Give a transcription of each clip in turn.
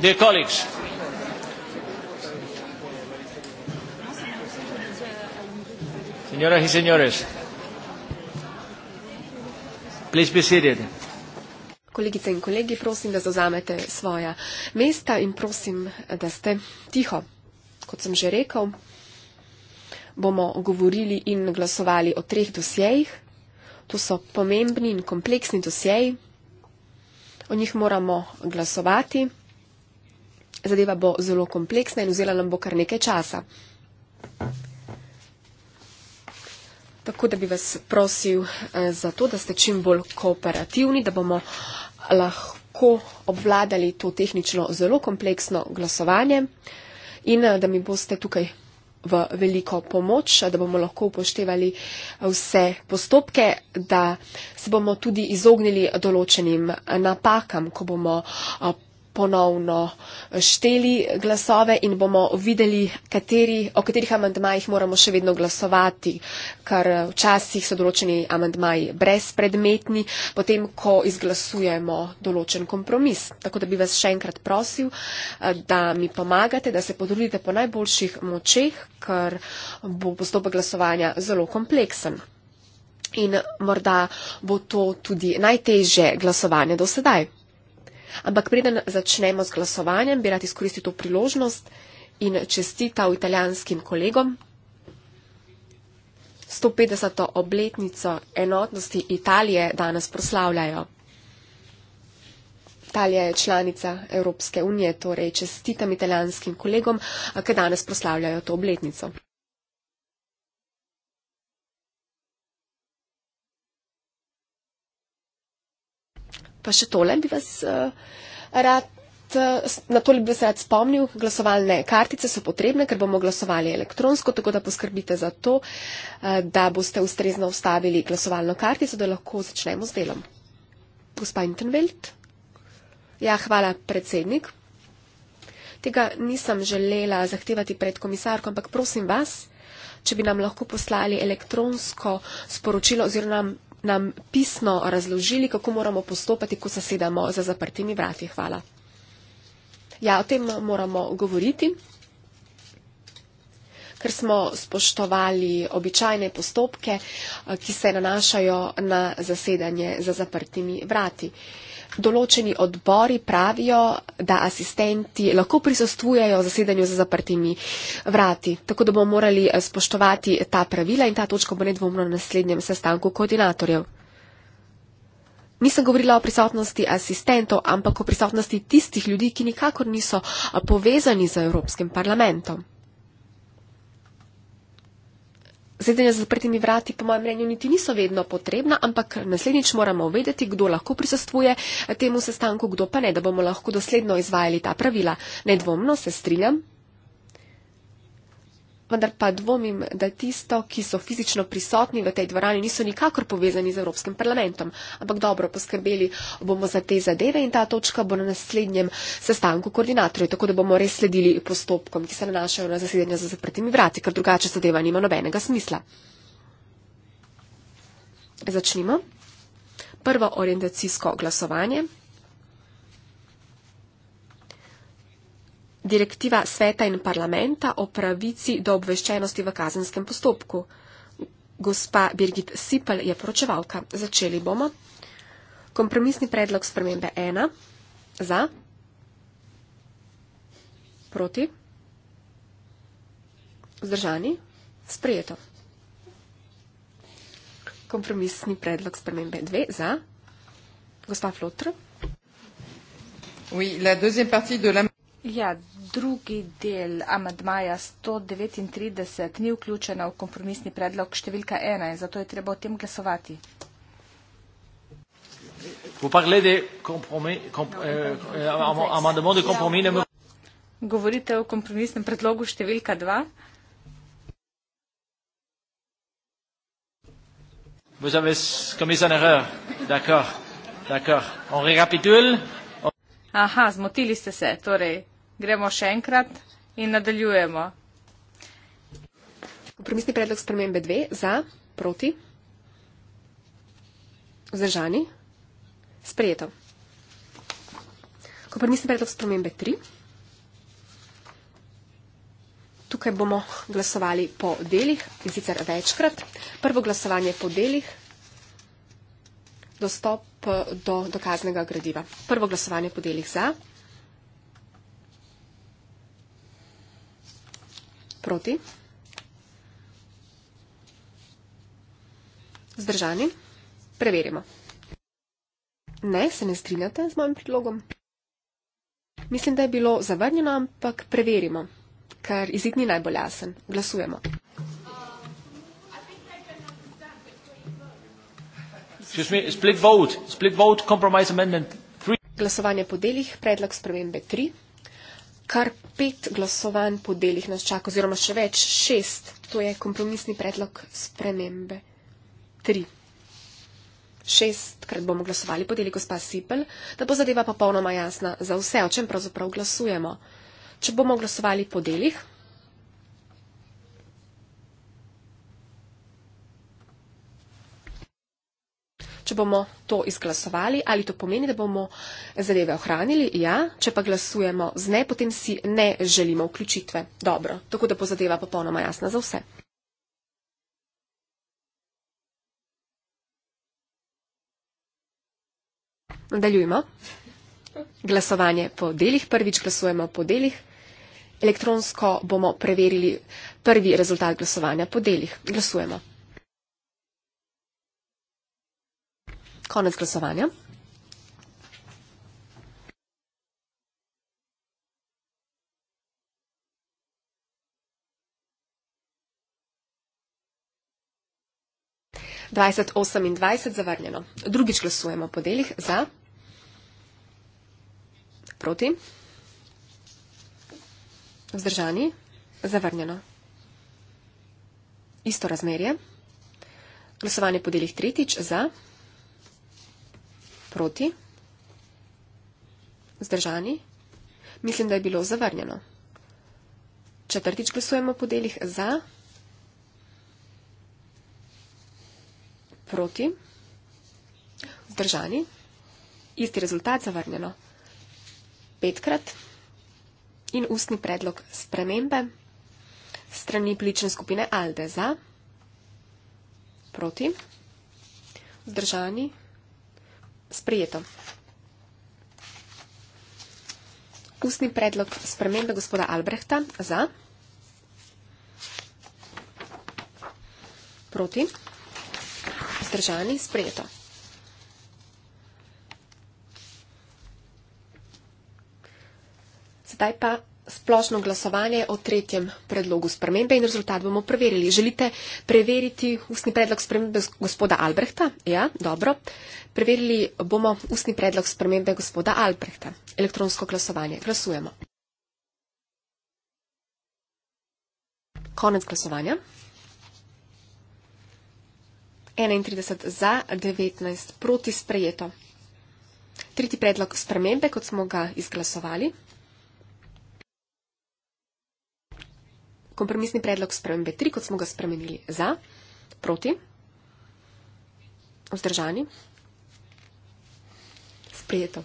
dear colleagues. Señoras y señores, please be seated. Kolegice in kolegi, prosim, da zauzamete svoja mesta in prosim, da ste tiho. Kot sem že rekel, bomo govorili in glasovali o treh dosjejih. To so pomembni in kompleksni dosjeji. O njih moramo glasovati. Zadeva bo zelo kompleksna in vzela nam bo kar nekaj časa. Tako da bi vas prosil eh, za to, da ste čim bolj kooperativni, da bomo lahko obvladali to tehnično zelo kompleksno glasovanje in eh, da mi boste tukaj v veliko pomoč, eh, da bomo lahko upoštevali vse postopke, da se bomo tudi izognili določenim napakam, ko bomo ponovno šteli glasove in bomo videli, kateri, o katerih amantmajih moramo še vedno glasovati, ker včasih so določeni amantmaji brezpredmetni, potem, ko izglasujemo določen kompromis. Tako da bi vas še enkrat prosil, eh, da mi pomagate, da se podrudite po najboljših močeh, ker bo postopek glasovanja zelo kompleksen. In morda bo to tudi najteže glasovanje do sedaj. Ampak preden začnemo z glasovanjem, bi rad izkoristil to priložnost in čestital italijanskim kolegom 150. obletnico enotnosti Italije danes proslavljajo. Italija je članica Evropske unije, torej čestitam italijanskim kolegom, ki danes proslavljajo to obletnico. Pa še tole bi vas uh, rad. Eh, na to bi se rad spomnil, glasovalne kartice so potrebne, ker bomo glasovali elektronsko, tako da poskrbite za to, eh, da boste ustrezno ustavili glasovalno kartico, da lahko začnemo s delom. Gospa Intenvelt. Ja, hvala, predsednik. Tega nisem želela zahtevati pred komisarko, ampak prosim vas, če bi nam lahko poslali elektronsko sporočilo oziroma nam pisno razložili, kako moramo postopati, ko se sedamo za zaprtimi vrati. Hvala. Ja, o tem moramo govoriti, ker smo spoštovali običajne postopke, eh, ki se nanašajo na zasedanje za zaprtimi vrati določeni odbori pravijo, da asistenti lahko prisostvujejo zasedanju za zaprtimi vrati. Tako da bomo morali eh, spoštovati ta pravila in ta točka bo nedvomno na naslednjem sestanku koordinatorjev. Nisem govorila o prisotnosti asistentov, ampak o prisotnosti tistih ljudi, ki nikakor niso eh, povezani z Evropskim parlamentom. Zedenja z zaprtimi vrati, po mojem mnenju, niti niso vedno potrebna, ampak naslednjič moramo vedeti, kdo lahko prisostuje temu sestanku, kdo pa ne, da bomo lahko dosledno izvajali ta pravila. Nedvomno se strinjam, vendar pa dvomim, da tisto, ki so fizično prisotni v tej dvorani, niso nikakor povezani z Evropskim parlamentom. Ampak dobro, poskrbeli bomo za te zadeve in ta točka bo na naslednjem sestanku koordinatorjev, tako da bomo res sledili postopkom, ki se nanašajo na zasedanje za zaprtimi vrati, ker drugače zadeva nima nobenega smisla. Začnimo. Prvo orientacijsko glasovanje. direktiva sveta in parlamenta o pravici do obveščenosti v kazenskem postopku. Gospa Birgit Sipel je poročevalka. Začeli bomo. Kompromisni predlog spremembe 1. Za. Proti. Zdržani. Sprejeto. Kompromisni predlog spremembe 2. Za. Gospa Flotr. Oui, la deuxième partie de la... Ja, drugi del amadmaja 139 ni vključena v kompromisni predlog številka 1, zato je treba o tem glasovati. No, euh, euh, ja, govorite o kompromisnem predlogu številka 2? Vous avez commis une erreur. D'accord. D'accord. On récapitule. Aha, zmotili ste se. Torej, gremo še enkrat in nadaljujemo. Kompromisni predlog spremembe dve za, proti, vzdržani, sprejeto. Kompromisni predlog spremembe tri. Tukaj bomo glasovali po delih in sicer večkrat. Prvo glasovanje po delih dostop eh, do dokaznega gradiva. Prvo glasovanje po delih za. Proti. Zdržani. Preverimo. Ne, se ne strinjate z mojim predlogom. Mislim, da je bilo zavrnjeno, ampak preverimo, ker izid ni najbolj jasen. Glasujemo. Excuse me, split vote. Split vote, compromise amendment. Three. Glasovanje po delih, predlog spremembe 3. Kar pet glasovanj po delih nas čaka, oziroma še več, šest. To je kompromisni predlog spremembe 3. Šestkrat bomo glasovali po delih, gospa Sipel, da bo zadeva popolnoma jasna za vse, o čem pravzaprav glasujemo. Če bomo glasovali po delih, če bomo to izglasovali, ali to pomeni, da bomo zadeve ohranili, ja, če pa glasujemo z ne, potem si ne želimo vključitve. Dobro, tako da bo zadeva popolnoma jasna za vse. Nadaljujemo. Glasovanje po delih. Prvič glasujemo po delih. Elektronsko bomo preverili prvi rezultat glasovanja po delih. Glasujemo. Konec glasovanja. Dvajset osem in dvajset zavrnjeno. Drugič glasujemo po delih za, proti, vzdržani, zavrnjeno. Isto razmerje. Glasovanje po delih tretjič za. Proti? Zdržani? Mislim, da je bilo zavrnjeno. Četrtič glasujemo po delih za. Proti? Zdržani? Isti rezultat zavrnjeno. Petkrat. In ustni predlog spremembe. Strani plične skupine Alde za. Proti? Zdržani? sprejeto. Ustni predlog spremembe gospoda Albrehta za. Proti. Zdržani. Sprejeto. Sedaj pa splošno glasovanje o tretjem predlogu spremembe in rezultat bomo preverili. Želite preveriti ustni predlog spremembe gospoda Albrehta? Ja, dobro. Preverili bomo ustni predlog spremembe gospoda Albrehta. Elektronsko glasovanje. Glasujemo. Konec glasovanja. 31 za, 19 proti sprejeto. Tretji predlog spremembe, kot smo ga izglasovali. kompromisni predlog spremembe 3, kot smo ga spremenili za, proti, vzdržani, sprejeto.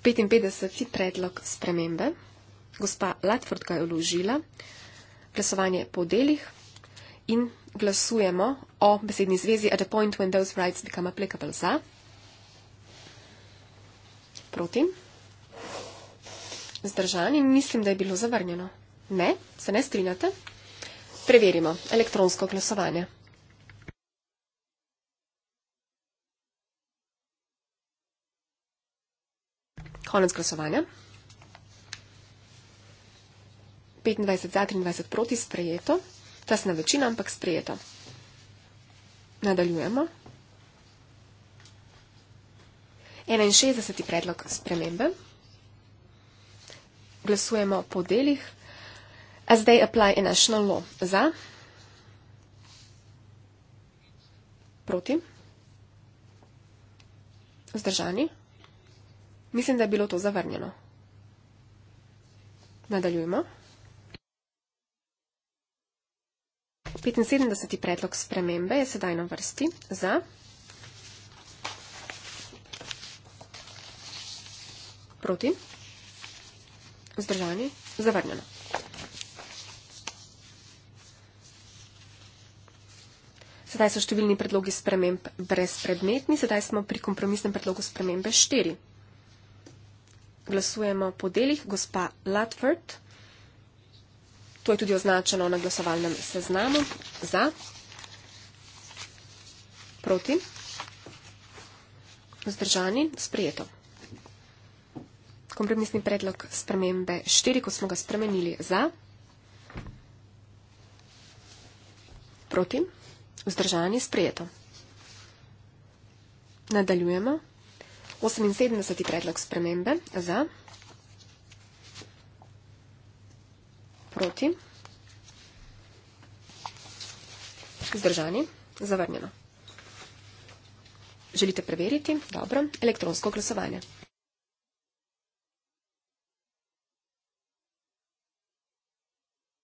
Petinpetdeseti predlog spremembe. Gospa Latford ga je vložila. Glasovanje po delih in glasujemo o besedni zvezi at a point when those rights become applicable za. Protim. Zdržan in mislim, da je bilo zavrnjeno. Ne, se ne strinjate? Preverimo elektronsko glasovanje. Konec glasovanja. 25 za, 23 proti, sprejeto. Tesna večina, ampak sprejeto. Nadaljujemo. 61. predlog spremembe glasujemo po delih. As they apply a national law. Za? Proti? Zdržani? Mislim, da je bilo to zavrnjeno. Nadaljujemo. 75. predlog spremembe je sedaj na vrsti. Za? Proti? Proti? Zdržani. Zavrnjeno. Sedaj so številni predlogi sprememb brezpredmetni. Sedaj smo pri kompromisnem predlogu spremembe 4. Glasujemo po delih gospa Latford. To je tudi označeno na glasovalnem seznamu. Za. Proti. Zdržani. Sprijeto. Zdržani kompromisni predlog spremembe štiri, ko smo ga spremenili za, proti, vzdržanje sprejeto. Nadaljujemo. 78. predlog spremembe za, proti, vzdržanje, zavrnjeno. Želite preveriti? Dobro. Elektronsko glasovanje.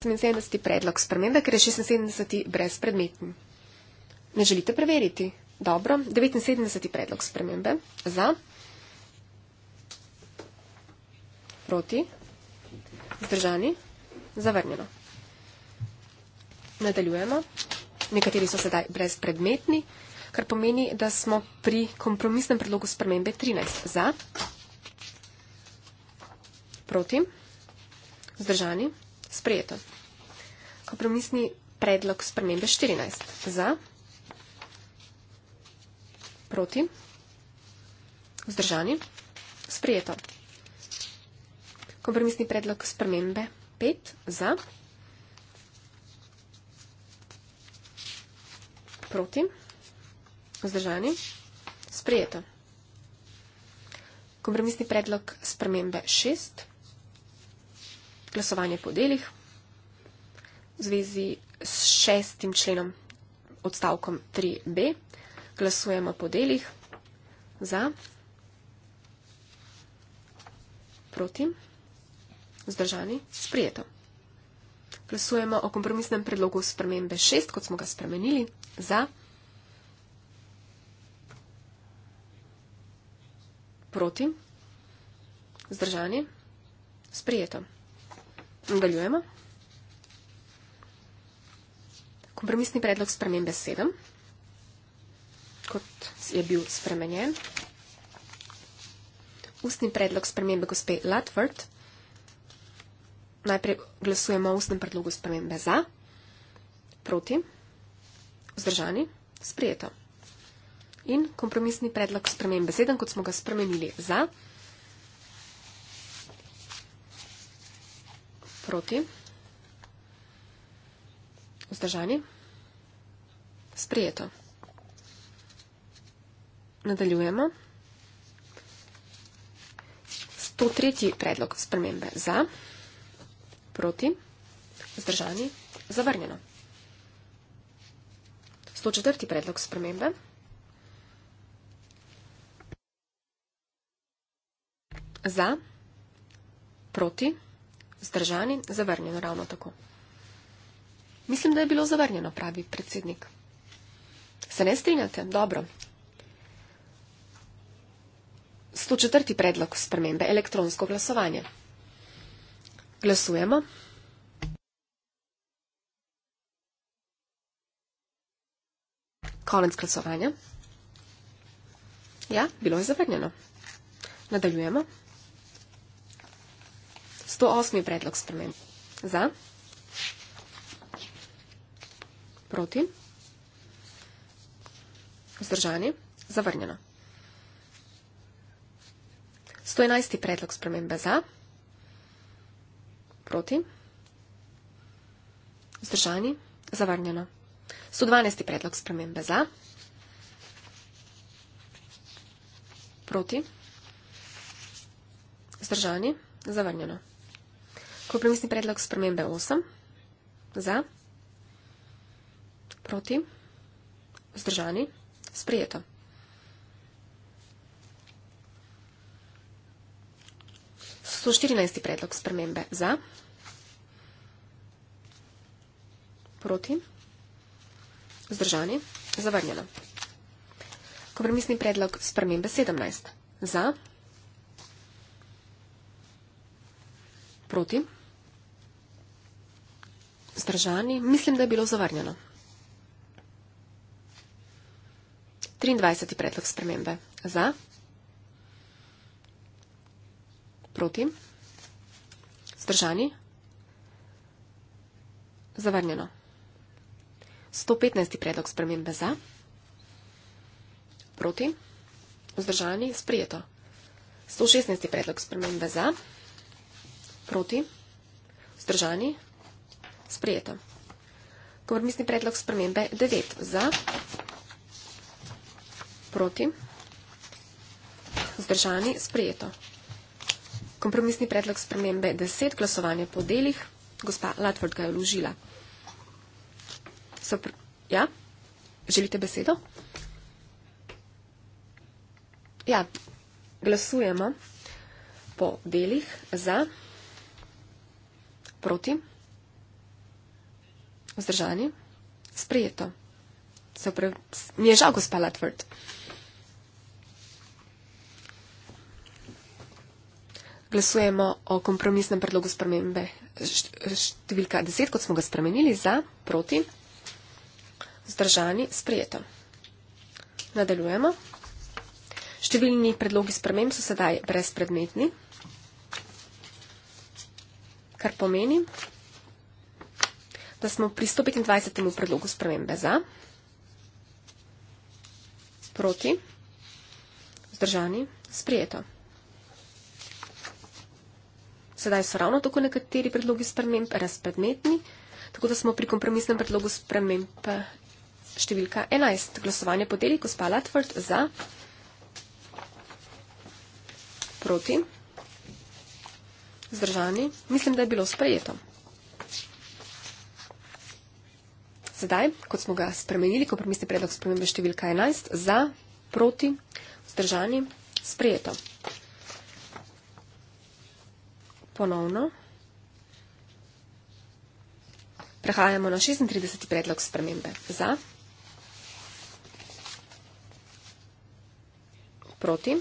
76. predlog spremembe, ker je 76. brezpredmeten. Ne želite preveriti? Dobro, 79. predlog spremembe. Za? Proti? Zdržani? Zavrnjeno. Nadaljujemo. Nekateri so sedaj brezpredmetni, kar pomeni, da smo pri kompromisnem predlogu spremembe 13. Za? Proti? Zdržani? sprejeto. Kompromisni predlog spremembe 14. Za, proti, vzdržani, sprejeto. Kompromisni predlog spremembe 5. Za, proti, vzdržani, sprejeto. Kompromisni predlog spremembe 6 glasovanje po delih v zvezi s šestim členom odstavkom 3b. Glasujemo po delih za, proti, zdržani, sprijeto. Glasujemo o kompromisnem predlogu spremembe 6, kot smo ga spremenili, za, proti, zdržani, sprijeto. Nadaljujemo. Kompromisni predlog spremembe 7, kot je bil spremenjen. Ustni predlog spremembe gospe Latvort. Najprej glasujemo o ustnem predlogu spremembe za, proti, vzdržani, sprijeto. In kompromisni predlog spremembe 7, kot smo ga spremenili za, proti. Proti. Vzdržani. Sprijeto. Nadaljujemo. 103. predlog spremembe. Za. Proti. Vzdržani. Zavrnjeno. 104. predlog spremembe. Za. Proti. Proti. Zdržani, zavrnjeno ravno tako. Mislim, da je bilo zavrnjeno, pravi predsednik. Se ne strinjate? Dobro. 104. predlog spremembe elektronsko glasovanje. Glasujemo. Konec glasovanja. Ja, bilo je zavrnjeno. Nadaljujemo. 108. predlog sprememb. Za? Proti? Vzdržani? Zavrnjeno. 111. predlog spremembe za, proti, vzdržani, zavrnjeno. 112. predlog spremembe za, proti, vzdržani, zavrnjeno. Kompromisni predlog spremembe 8. Za. Proti. Zdržani. Sprijeto. So 14. predlog spremembe. Za. Proti. Zdržani. Zavrnjeno. Kompromisni predlog spremembe 17. Za. Proti. Proti vzdržani, mislim, da je bilo zavrnjeno. 23. predlog spremembe. Za? Proti? Zdržani? Zavrnjeno. 115. predlog spremembe za, proti, vzdržani, sprijeto. 116. predlog spremembe za, proti, vzdržani, sprejeto. Kompromisni predlog spremembe 9 za, proti, zdržani, sprejeto. Kompromisni predlog spremembe 10, glasovanje po delih, gospa Latford ga je vložila. Pr... Ja, želite besedo? Ja, glasujemo po delih za, proti, zdržani, sprejeto. Vzdržani? Sprejeto. Se pre... Mi je žal, gospa Latvard. Glasujemo o kompromisnem predlogu spremembe številka 10, kot smo ga spremenili, za, proti, vzdržani, sprejeto. Nadaljujemo. Številni predlogi sprememb so sedaj brezpredmetni, kar pomeni, da smo pri 125. predlogu spremembe za, proti, vzdržani, sprijeto. Sedaj so ravno tako nekateri predlogi sprememb razpredmetni, tako da smo pri kompromisnem predlogu sprememb eh, številka 11. Glasovanje podeli gospa Latvard za, proti, zdržani. Mislim, da je bilo sprejeto. Sedaj, kot smo ga spremenili, kompromisni predlog spremembe številka 11 za, proti, vzdržani, sprejeto. Ponovno. Prehajamo na 36. predlog spremembe za, proti,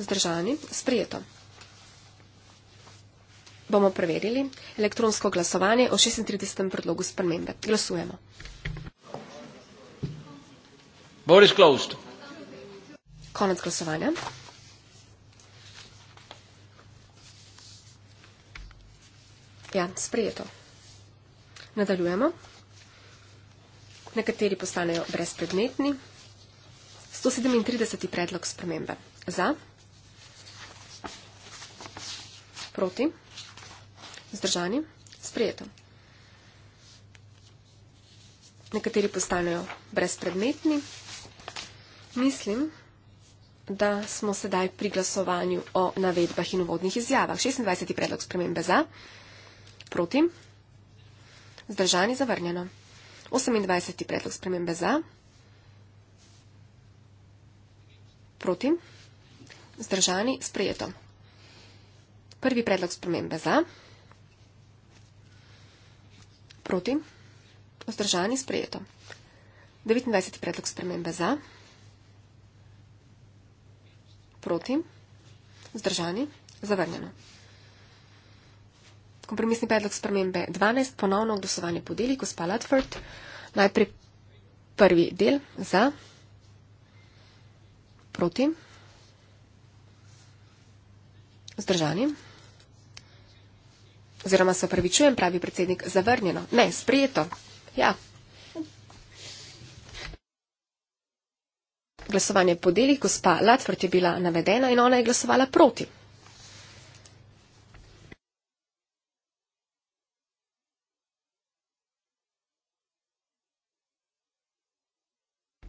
vzdržani, sprejeto bomo preverili elektronsko glasovanje o 36. predlogu spremembe. Glasujemo. Boris closed. Konec glasovanja. Ja, sprejeto. Nadaljujemo. Nekateri postanejo brezpredmetni. 137. predlog spremembe. Za. Proti. Zdržani? Sprijeto. Nekateri postanejo brezpredmetni. Mislim, da smo sedaj pri glasovanju o navedbah in uvodnih izjavah. 26. predlog spremembe za, proti, zdržani, zavrnjeno. 28. predlog spremembe za, proti, zdržani, sprejeto. Prvi predlog spremembe za, proti proti, vzdržani sprejeto. 29. predlog spremembe za, proti, vzdržani, zavrnjeno. Kompromisni predlog spremembe 12, ponovno glasovanje po deli, gospa Latford. Najprej prvi del za, proti, vzdržani oziroma se opravičujem, pravi predsednik, zavrnjeno. Ne, sprijeto. Ja. Glasovanje po delih, gospa Latvrt je bila navedena in ona je glasovala proti.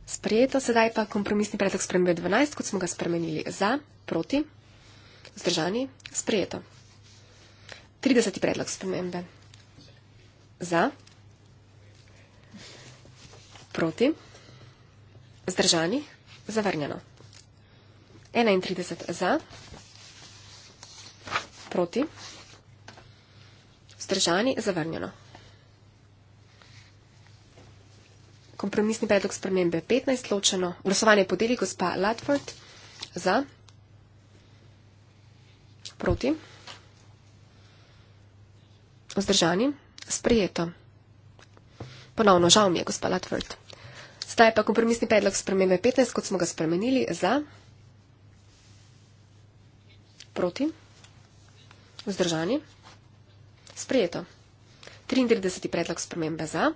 Sprejeto sedaj pa kompromisni predlog spremembe 12, kot smo ga spremenili za, proti, zdržani, sprejeto. 30. predlog spremembe. Za? Proti? Zdržani? Zavrnjeno. 31. Za? Proti? Zdržani? Zavrnjeno. Kompromisni predlog spremembe 15. Ločeno. Glasovanje podeli gospa Latford. Za? Proti? Vzdržani, sprejeto. Ponovno žal mi je, gospa Latvrt. Zdaj pa kompromisni predlog spremembe 15, kot smo ga spremenili, za. Proti. Vzdržani. Sprejeto. 33. predlog spremembe za.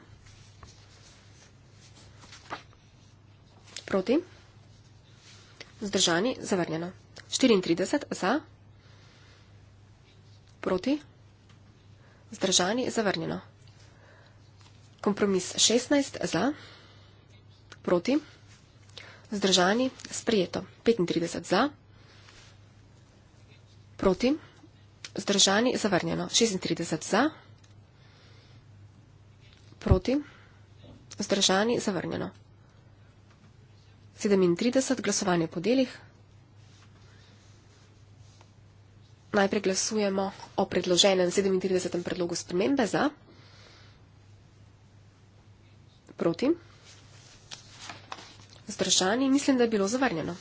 Proti. Vzdržani. Zavrnjeno. 34. za. Proti. Zdržani zavrnjeno. Kompromis 16 za, proti. Zdržani sprijeto. 35 za, proti. Zdržani zavrnjeno. 36 za, proti. Zdržani zavrnjeno. 37 glasovanje po delih. najprej glasujemo o predloženem 37. predlogu spremembe za. Proti. Zdržani. Mislim, da je bilo zavrnjeno.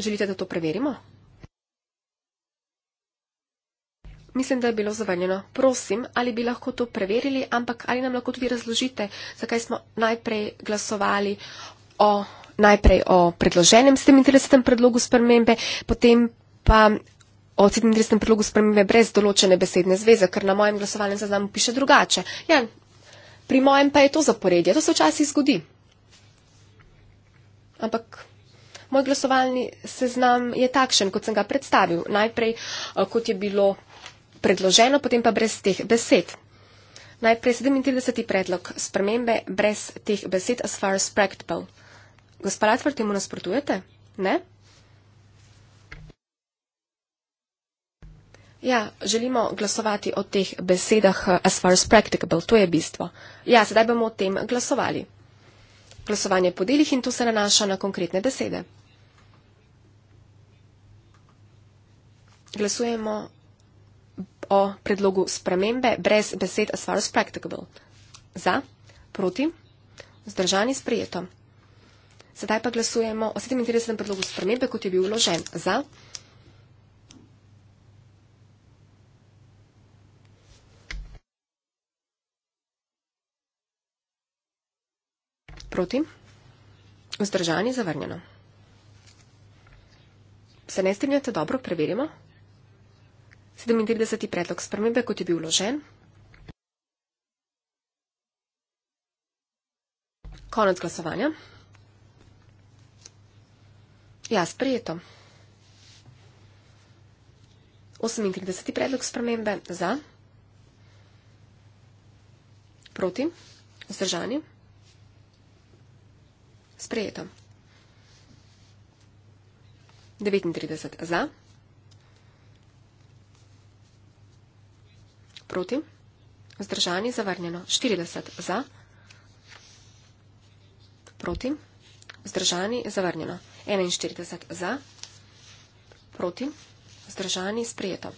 Želite, da to preverimo? Mislim, da je bilo zavrnjeno. Prosim, ali bi lahko to preverili, ampak ali nam lahko tudi razložite, zakaj smo najprej glasovali o najprej o predloženem 37. predlogu spremembe, potem pa o 37. predlogu spremembe brez določene besedne zveze, ker na mojem glasovalnem zaznamu piše drugače. Ja, pri mojem pa je to zaporedje, to se včasih zgodi. Ampak moj glasovalni seznam je takšen, kot sem ga predstavil. Najprej, eh, kot je bilo predloženo, potem pa brez teh besed. Najprej 37. predlog spremembe brez teh besed as far as practical. Gospa Latvar, temu nasprotujete? Ne? Ja, želimo glasovati o teh besedah as far as practicable, to je bistvo. Ja, sedaj bomo o tem glasovali. Glasovanje po delih in to se nanaša na konkretne besede. Glasujemo o predlogu spremembe brez besed as far as practicable. Za, proti, zdržani, sprijeto. Sedaj pa glasujemo o 37. predlogu spremembe, kot je bil vložen za. Proti. Vzdržanje zavrnjeno. Se ne strinjate dobro, preverimo. 37. predlog spremembe, kot je bil vložen. Konec glasovanja. Ja, sprejeto. 38. predlog spremembe za, proti, vzdržani. Sprejeto. 39. za, proti, vzdržani, zavrnjeno. 40. za, proti, vzdržani, zavrnjeno. 41. 41 za, proti, zdržani, sprejeto.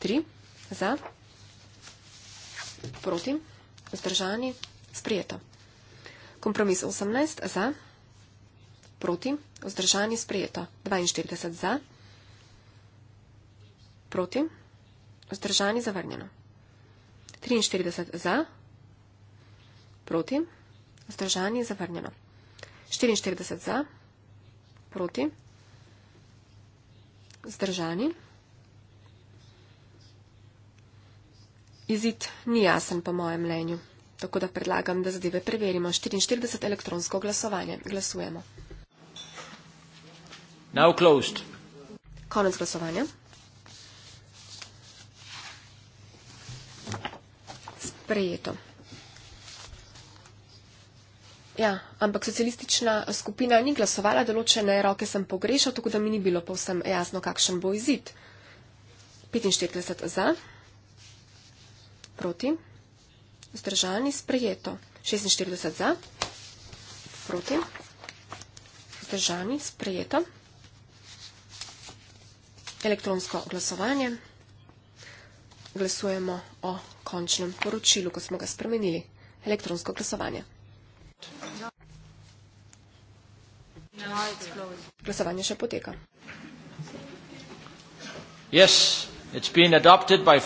3 za, proti, zdržani, sprejeto. Kompromis 18 za, proti, zdržani, sprejeto. 42 za, proti, zdržani, zavrnjeno. 43 za, proti, zdržani, zavrnjeno. 44 za, proti, zdržani, zavrnjeno. 44 za, Proti. Zdržani. Izid ni jasen po mojem mnenju, tako da predlagam, da zadeve preverimo. 44 elektronsko glasovanje. Glasujemo. Now closed. Konec glasovanja. Sprejeto. Ja, ampak socialistična skupina ni glasovala, določene roke sem pogrešal, tako da mi ni bilo povsem jasno, kakšen bo izid. 45 za, proti, vzdržani, sprejeto. 46 za, proti, vzdržani, sprejeto. Elektronsko glasovanje. Glasujemo o končnem poročilu, ko smo ga spremenili. Elektronsko glasovanje. Glasovanje še poteka. Yes, 49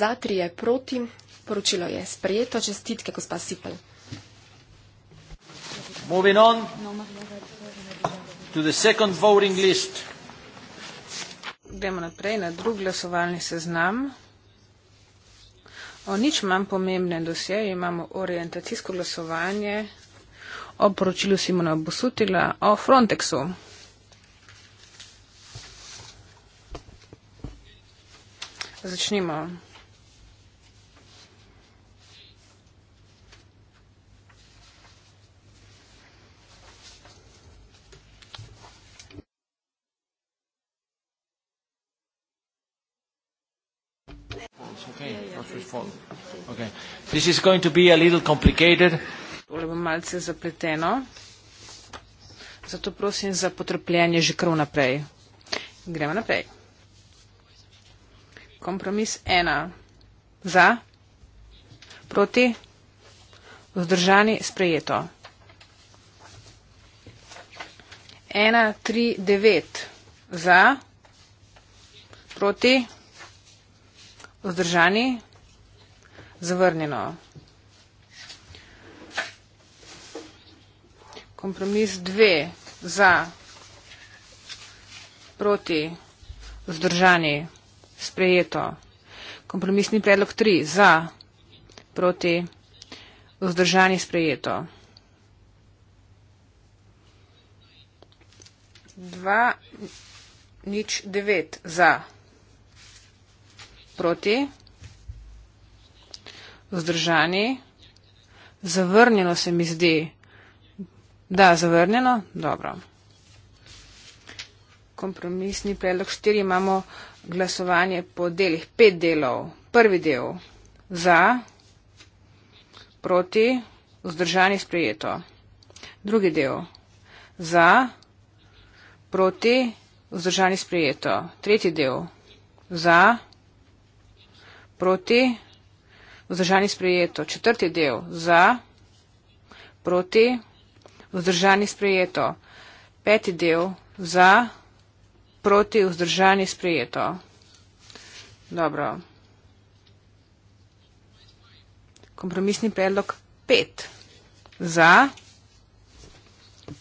za, 3 je proti. Poročilo je sprejeto. Čestitke, gospa Sipel. Moving on to the second voting list. Gremo naprej na drug glasovalni seznam. O nič manj pomembnem dosje imamo orientacijsko glasovanje o poročilu Simona Busutila o Frontexu. Začnimo. Okay, yeah, yeah, okay. This is going to be a little complicated malce zapleteno, zato prosim za potrpljenje že krv naprej. Gremo naprej. Kompromis ena. Za? Proti? Vzdržani? Sprejeto. Ena, tri, devet. Za? Proti? Vzdržani? Zavrnjeno. Zavrnjeno. kompromis dve za proti vzdržani sprejeto. Kompromisni predlog tri za proti vzdržani sprejeto. Dva nič devet za proti vzdržani. Zavrnjeno se mi zdi. Da, zavrnjeno. Dobro. Kompromisni predlog štiri imamo glasovanje po delih. Pet delov. Prvi del. Za. Proti. Vzdržani sprejeto. Drugi del. Za. Proti. Vzdržani sprejeto. Tretji del. Za. Proti. Vzdržani sprejeto. Četrti del. Za. Proti vzdržani sprejeto. Peti del za, proti vzdržani sprejeto. Dobro. Kompromisni predlog pet za,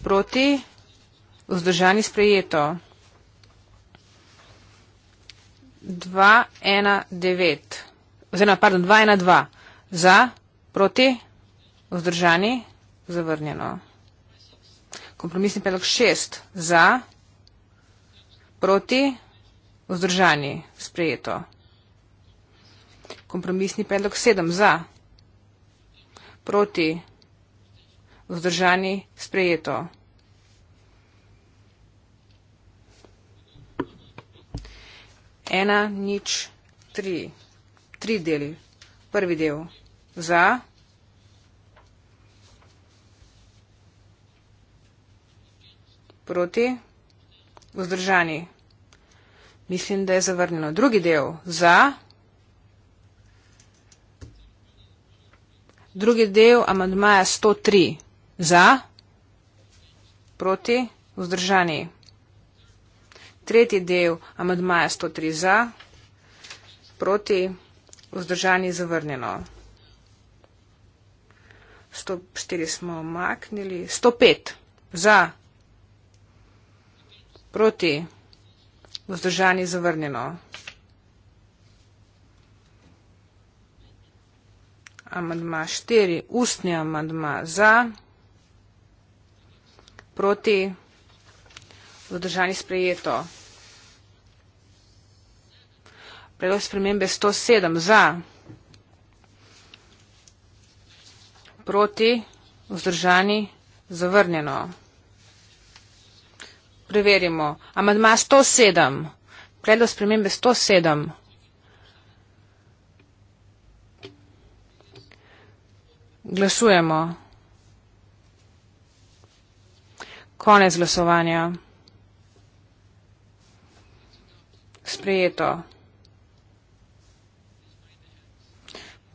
proti vzdržani sprejeto. 2-1-9, oziroma, pardon, 2-1-2, za, proti, vzdržani, zavrnjeno kompromisni predlog šest za, proti, vzdržani, sprejeto. Kompromisni predlog sedem za, proti, vzdržani, sprejeto. Ena, nič, tri. Tri deli. Prvi del za. proti, vzdržani. Mislim, da je zavrnjeno. Drugi del, za. Drugi del amandmaja 103, za. Proti, vzdržani. Tretji del amandmaja 103, za. Proti, vzdržani, zavrnjeno. 104 smo omaknili. 105, za. Proti. Vzdržanje zavrnjeno. Amandma štiri. Ustni amandma za. Proti. Vzdržanje sprejeto. Predlog spremembe 107 za. Proti. Vzdržanje zavrnjeno preverimo. Amadma 107. Predlog spremembe 107. Glasujemo. Konec glasovanja. Sprejeto.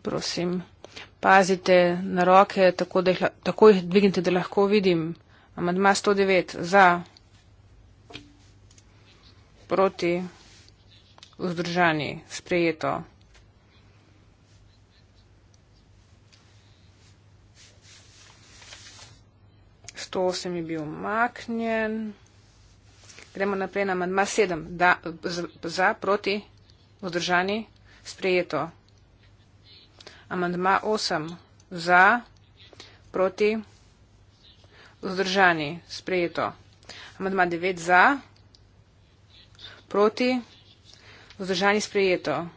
Prosim, pazite na roke, tako, da jih, tako jih dvignite, da lahko vidim. Amadma 109 za proti vzdržani sprejeto. To se mi je bil maknjen. Gremo naprej na mandma 7. Da, za, proti, vzdržani, sprejeto. Amandma 8. Za, proti, vzdržani, sprejeto. Amandma 9. Za, Proti. Vzdržani sprejeto.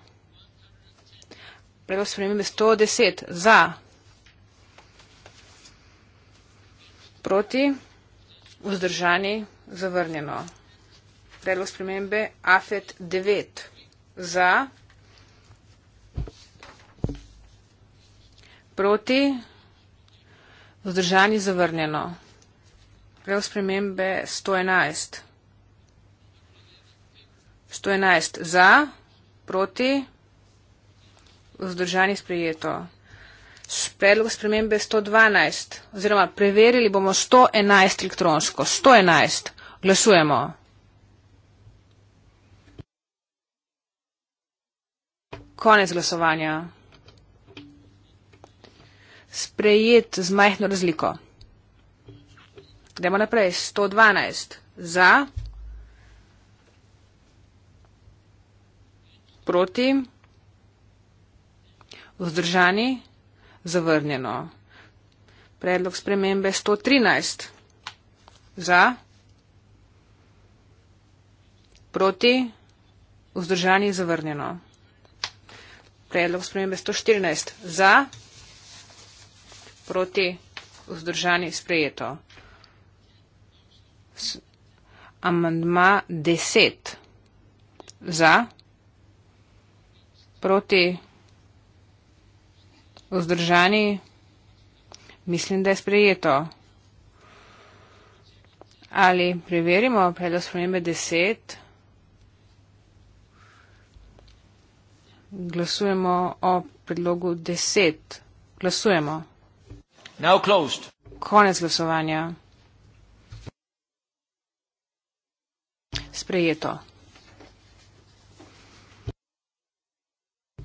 Predlog spremembe 110. Za. Proti. Vzdržani. Zavrnjeno. Predlog spremembe AFET 9. Za. Proti. Vzdržani. Zavrnjeno. Predlog spremembe 111. Za. 111 za, proti, vzdržani sprejeto. Predlog spremembe 112, oziroma preverili bomo 111 elektronsko. 111, glasujemo. Konec glasovanja. Sprejet z majhno razliko. Gremo naprej. 112 za, Proti? Vzdržani? Zavrnjeno. Predlog spremembe 113. Za? Proti? Vzdržani? Zavrnjeno. Predlog spremembe 114. Za? Proti? Vzdržani? Sprejeto. Amandma 10. Za? Proti? proti vzdržani, mislim, da je sprejeto. Ali preverimo predlog spremembe 10. Glasujemo o predlogu 10. Glasujemo. Konec glasovanja. Sprejeto.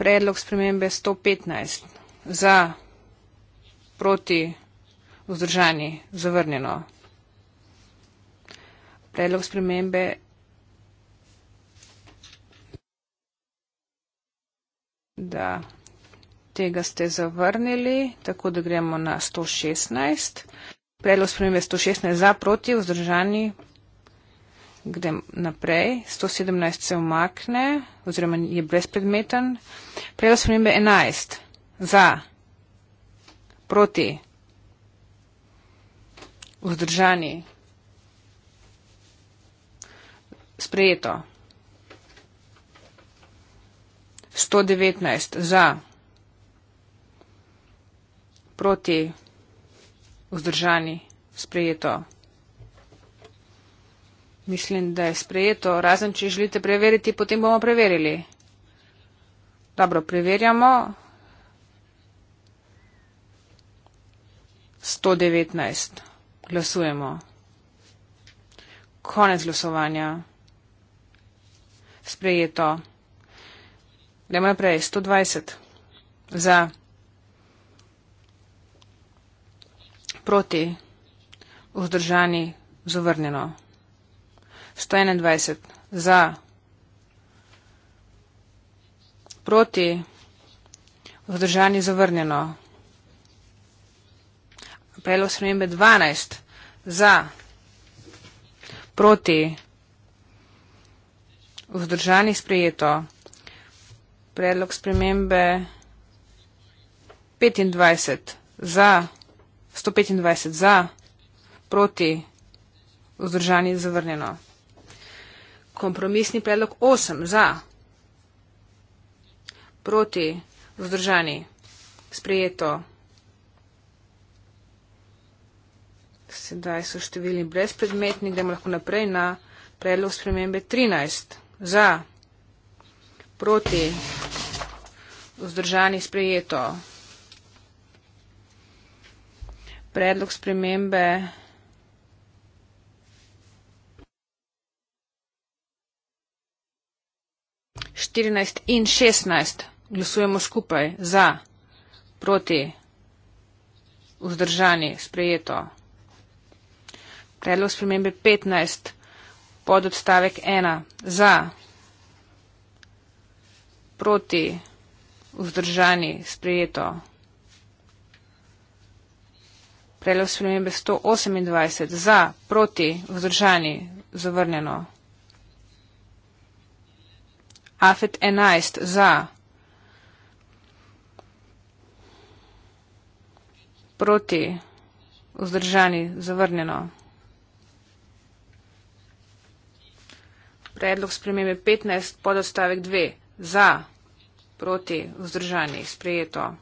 predlog spremembe 115 za proti vzdržani zavrnjeno. Predlog spremembe da tega ste zavrnili, tako da gremo na 116. Predlog spremembe 116 za proti vzdržani grem naprej. 117 se omakne, oziroma je brezpredmeten. Prejela spremembe 11. Za. Proti. Vzdržani. Sprejeto. 119 za, proti, vzdržani, sprejeto. Mislim, da je sprejeto. Razen, če želite preveriti, potem bomo preverili. Dobro, preverjamo. 119. Glasujemo. Konec glasovanja. Sprejeto. Gremo naprej. 120. Za. Proti. Vzdržani. Zavrnjeno. 121 za, proti, vzdržani zavrnjeno. Prelo spremembe 12 za, proti, vzdržani sprejeto. Predlog spremembe 25 za, 125 za, proti, vzdržani zavrnjeno kompromisni predlog 8 za proti vzdržani sprejeto. Sedaj so številni brezpredmetni, gremo lahko naprej na predlog spremembe 13 za proti vzdržani sprejeto. Predlog spremembe 14. 14 in 16. Glasujemo skupaj za, proti, vzdržani, sprejeto. Predlog spremembe 15, pod odstavek 1, za, proti, vzdržani, sprejeto. Predlog spremembe 128, za, proti, vzdržani, zavrnjeno. Afet 11 za. Proti. Vzdržani. Zavrnjeno. Predlog spremembe 15 pod odstavek 2. Za. Proti. Vzdržani. Sprejeto.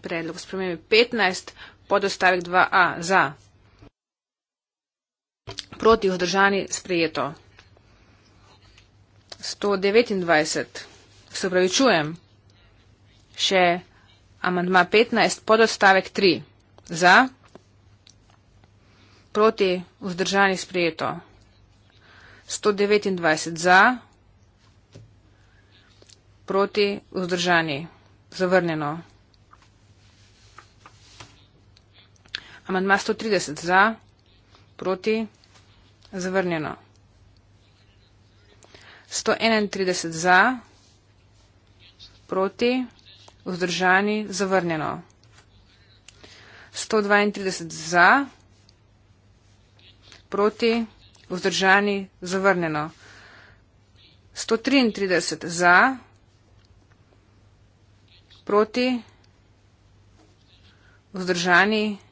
Predlog spremembe 15 pod odstavek 2a. Za. Proti. Vzdržani. Sprejeto. 129, se pravi čujem, še amantma 15, podostavek 3, za, proti, vzdržani sprejeto, 129, za, proti, vzdržani, zavrnjeno, amantma 130, za, proti, zavrnjeno. 131 za, proti, vzdržani, zavrnjeno. 132 za, proti, vzdržani, zavrnjeno. 133 za, proti, vzdržani, zavrnjeno.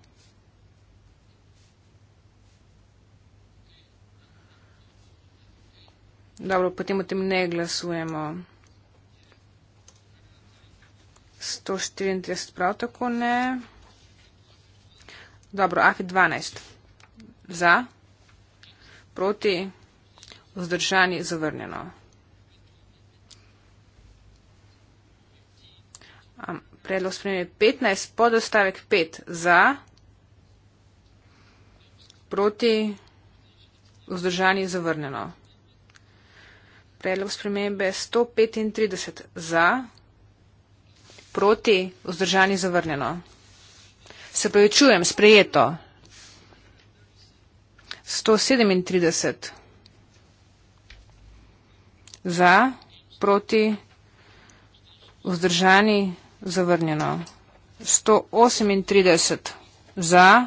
Dobro, potem o tem ne glasujemo. 134 prav tako ne. Dobro, AFI 12. Za, proti, vzdržani, zavrnjeno. Predlog spremenje 15, podostavek 5. Za, proti, vzdržani, zavrnjeno predlog spremembe 135 za, proti, vzdržani zavrnjeno. Se pravi, čujem, sprejeto. 137 za, proti, vzdržani, zavrnjeno. 138 za,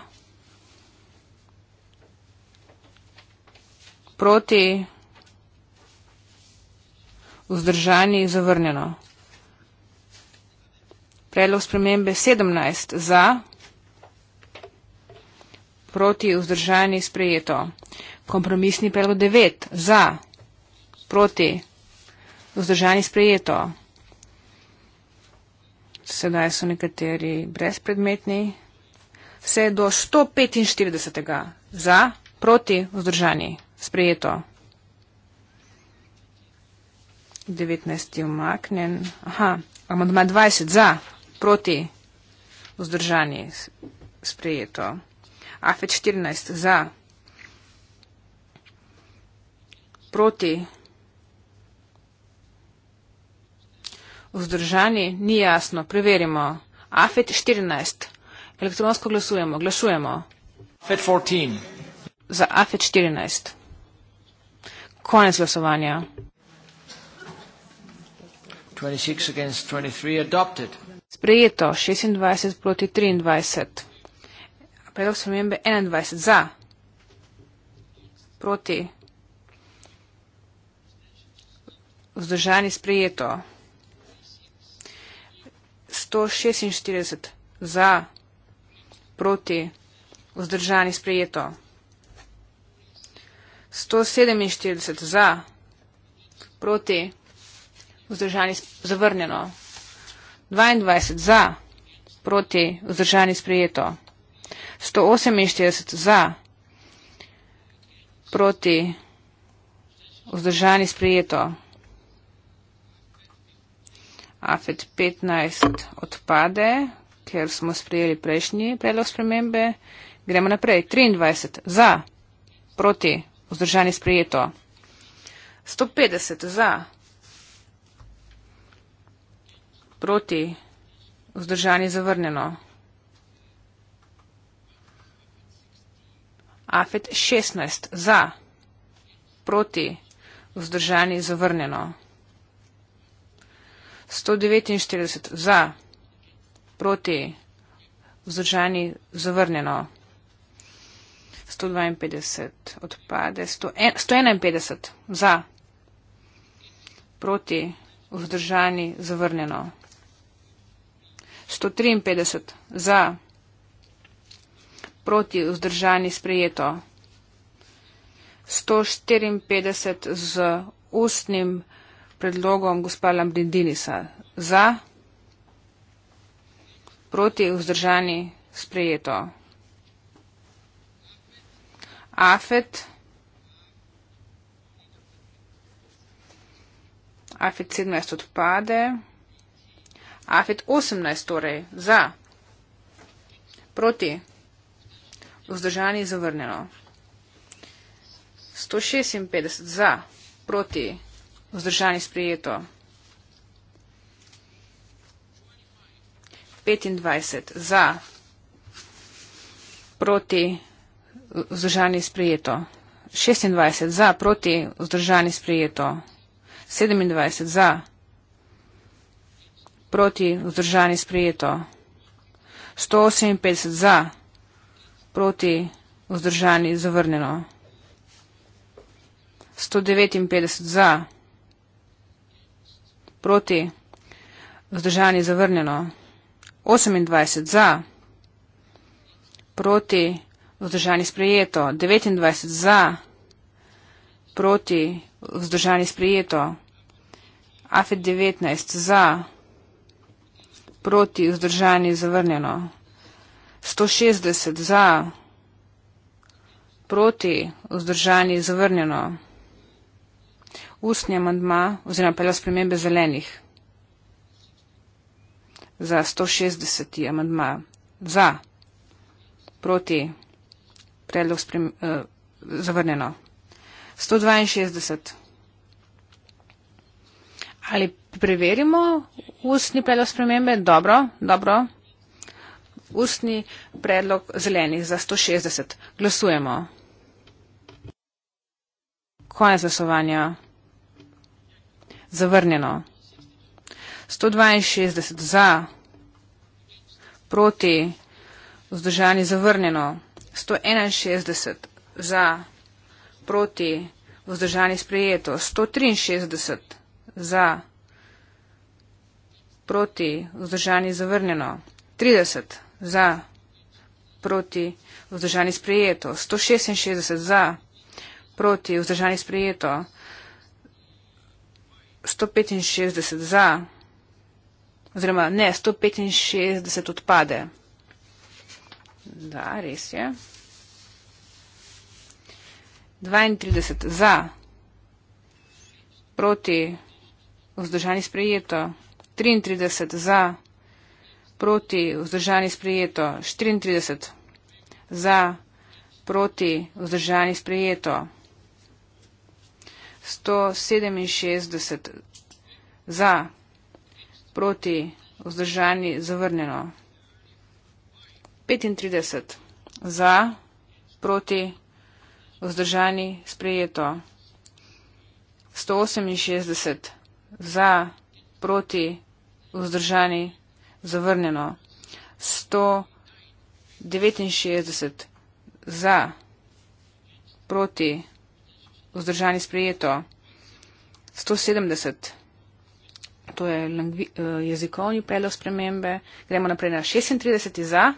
proti, vzdržani, zavrnjeno vzdržani zavrnjeno. Predlog spremembe 17 za, proti vzdržani sprejeto. Kompromisni predlog 9 za, proti vzdržani sprejeto. Sedaj so nekateri brezpredmetni. Vse do 145. za, proti vzdržani sprejeto. 19 je umaknjen. Aha, amandma 20 za, proti, vzdržanje sprejeto. Afet 14 za, proti, vzdržanje, ni jasno, preverimo. Afet 14, elektronsko glasujemo, glasujemo. Afet 14. Za Afet 14. Konec glasovanja. Sprejeto 26 proti 23. Predlog spremembe 21 za. Proti. Vzdržani sprejeto. 146 za. Proti. Vzdržani sprejeto. 147 za. Proti vzdržani zavrnjeno. 22 za, proti vzdržani sprejeto. 148 za, proti vzdržani sprejeto. AFED 15 odpade, ker smo sprejeli prejšnji predlog spremembe. Gremo naprej. 23 za, proti vzdržani sprejeto. 150 za, proti. Proti. Vzdržanje zavrnjeno. Afet 16. Za. Proti. Vzdržanje zavrnjeno. 149. Za. Proti. Vzdržanje zavrnjeno. 152. Odpade. 151. Za. Proti. Vzdržanje zavrnjeno. 153 za, proti vzdržani sprejeto, 154 z ustnim predlogom gospa Lambrindinisa za, proti vzdržani sprejeto. Afet. Afet 17 odpade. Afet 18 torej za, proti, vzdržani zavrnjeno. 156 za, proti, vzdržani sprijeto. 25 za, proti, vzdržani sprijeto. 26 za, proti, vzdržani sprijeto. 27 za, proti proti vzdržani sprejeto. 158 za, proti vzdržani zavrnjeno. 159 za, proti vzdržani zavrnjeno. 28 za, proti vzdržani sprejeto. 29 za, proti vzdržani sprejeto. AFED 19 za, proti vzdržani sprejeto proti, vzdržani, zavrnjeno. 160 za, proti, vzdržani, zavrnjeno. Ustni amandma oziroma pela spremembe zelenih. Za 160 amandma za, proti, predlog sprem, eh, zavrnjeno. 162. Ali preverimo ustni predlog spremembe? Dobro, dobro. Ustni predlog zelenih za 160. Glasujemo. Konec glasovanja. Zavrnjeno. 162 za, proti, vzdržani zavrnjeno. 161 za, proti, vzdržani sprejeto. 163 za proti, vzdržani zavrnjeno, 30 za, proti, vzdržani sprejeto, 166 za, proti, vzdržani sprejeto, 165 za, oziroma ne, 165 odpade. Da, res je. 32 za, proti, vzdržani sprejeto, 33 za, proti vzdržani sprejeto, 34 za, proti vzdržani sprejeto, 167 za, proti vzdržani zavrnjeno, 35 za, proti vzdržani sprejeto, 168 za, proti vzdržani, zavrnjeno. 169 za, proti, vzdržani, sprejeto. 170, to je eh, jezikovni predlog spremembe. Gremo naprej na 36 za,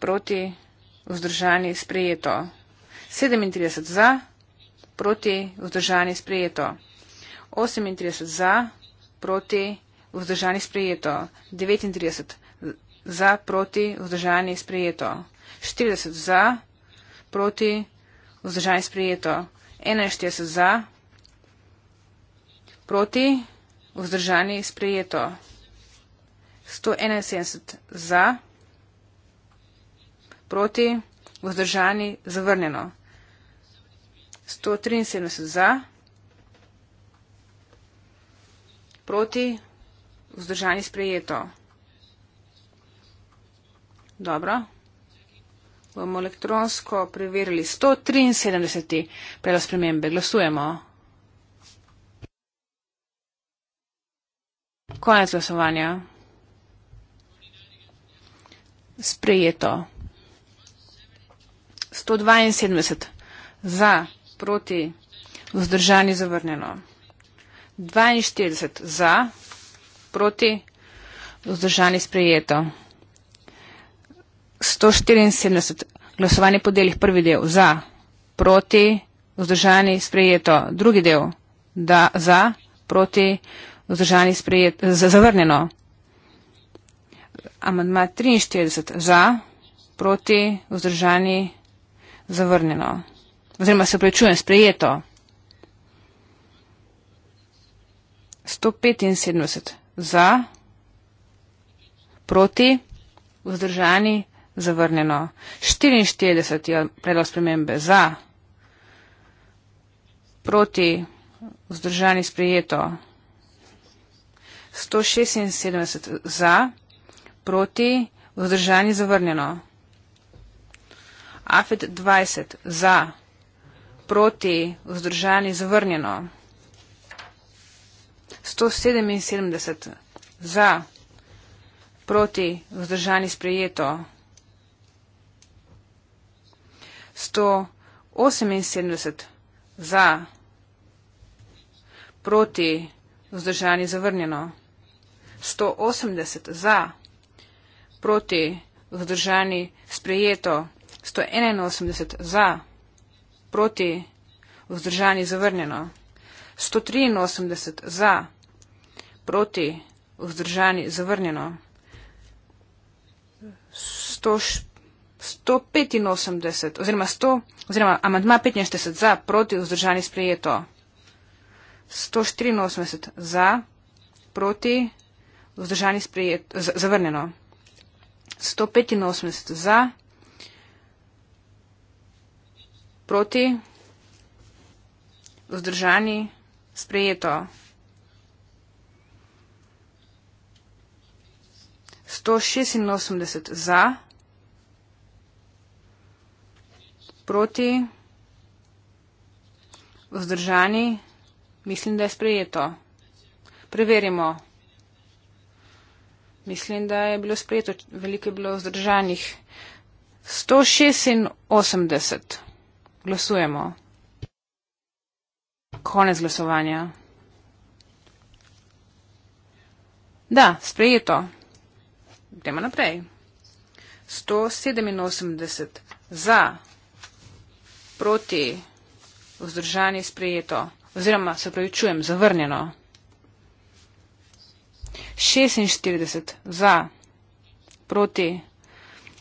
proti, vzdržani, sprejeto. 37 za, proti, vzdržani, sprejeto. 38 za, proti, vzdržani sprejeto. 39 za, proti, vzdržani sprejeto. 40 za, proti, vzdržani sprejeto. 41 za, proti, vzdržani sprejeto. 171 za, proti, vzdržani zavrnjeno. 173 za, proti, vzdržani zavrnjeno. Proti. Vzdržani sprejeto. Dobro. Bomo elektronsko preverili 173. Prelo spremembe. Glasujemo. Konec glasovanja. Sprejeto. 172 za, proti, vzdržani zavrnjeno. 42 za, proti, vzdržani sprejeto. 174 glasovanje po delih, prvi del za, proti, vzdržani sprejeto, drugi del da, za, proti, vzdržani sprejeto, za zavrnjeno. Amandma 43 za, proti, vzdržani zavrnjeno. Oziroma se prečujem sprejeto. 175 za, proti, vzdržani, zavrnjeno. 44 je predlog spremembe za, proti, vzdržani, sprejeto. 176 za, proti, vzdržani, zavrnjeno. AFED 20 za, proti, vzdržani, zavrnjeno. 177 za, proti, vzdržani sprejeto. 178 za, proti, vzdržani zavrnjeno. 180 za, proti, vzdržani sprejeto. 181 za, proti, vzdržani zavrnjeno. 183 za proti, vzdržani, zavrnjeno. 185 oziroma 100 oziroma amadma 65 za proti vzdržani sprejeto. 184 za proti vzdržani sprejeto zavrnjeno. 185 za proti vzdržani sprejeto. 186 za, proti, vzdržani, mislim, da je sprejeto. Preverimo. Mislim, da je bilo sprejeto, veliko je bilo vzdržanih. 186. Glasujemo. Konec glasovanja. Da, sprejeto. Gremo naprej. 187 za, proti, vzdržanje sprejeto, oziroma se pravi čujem, zavrnjeno. 46 za, proti,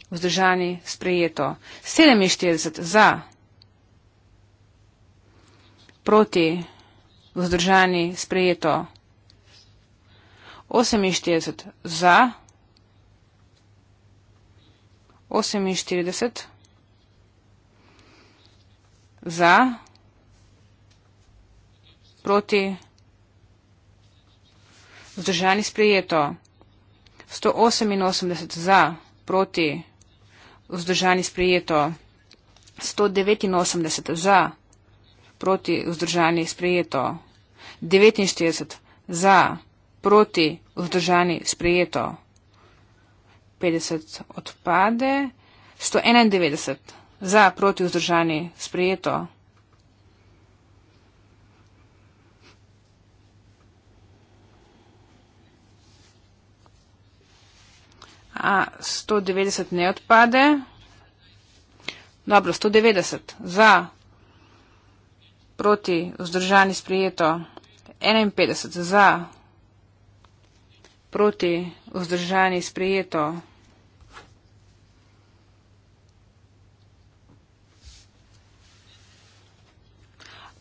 vzdržanje sprejeto. 47 za, proti, vzdržanje sprejeto. 48 za, proti, vzdržanje sprejeto. 48 za proti vzdržani sprejeto 188 za proti vzdržani sprejeto 189 za proti vzdržani sprejeto 49 za proti vzdržani sprejeto 50 odpade, 191 za proti vzdržani sprejeto. A 190 ne odpade. Dobro, 190 za proti vzdržani sprejeto. 51 za proti vzdržani sprejeto.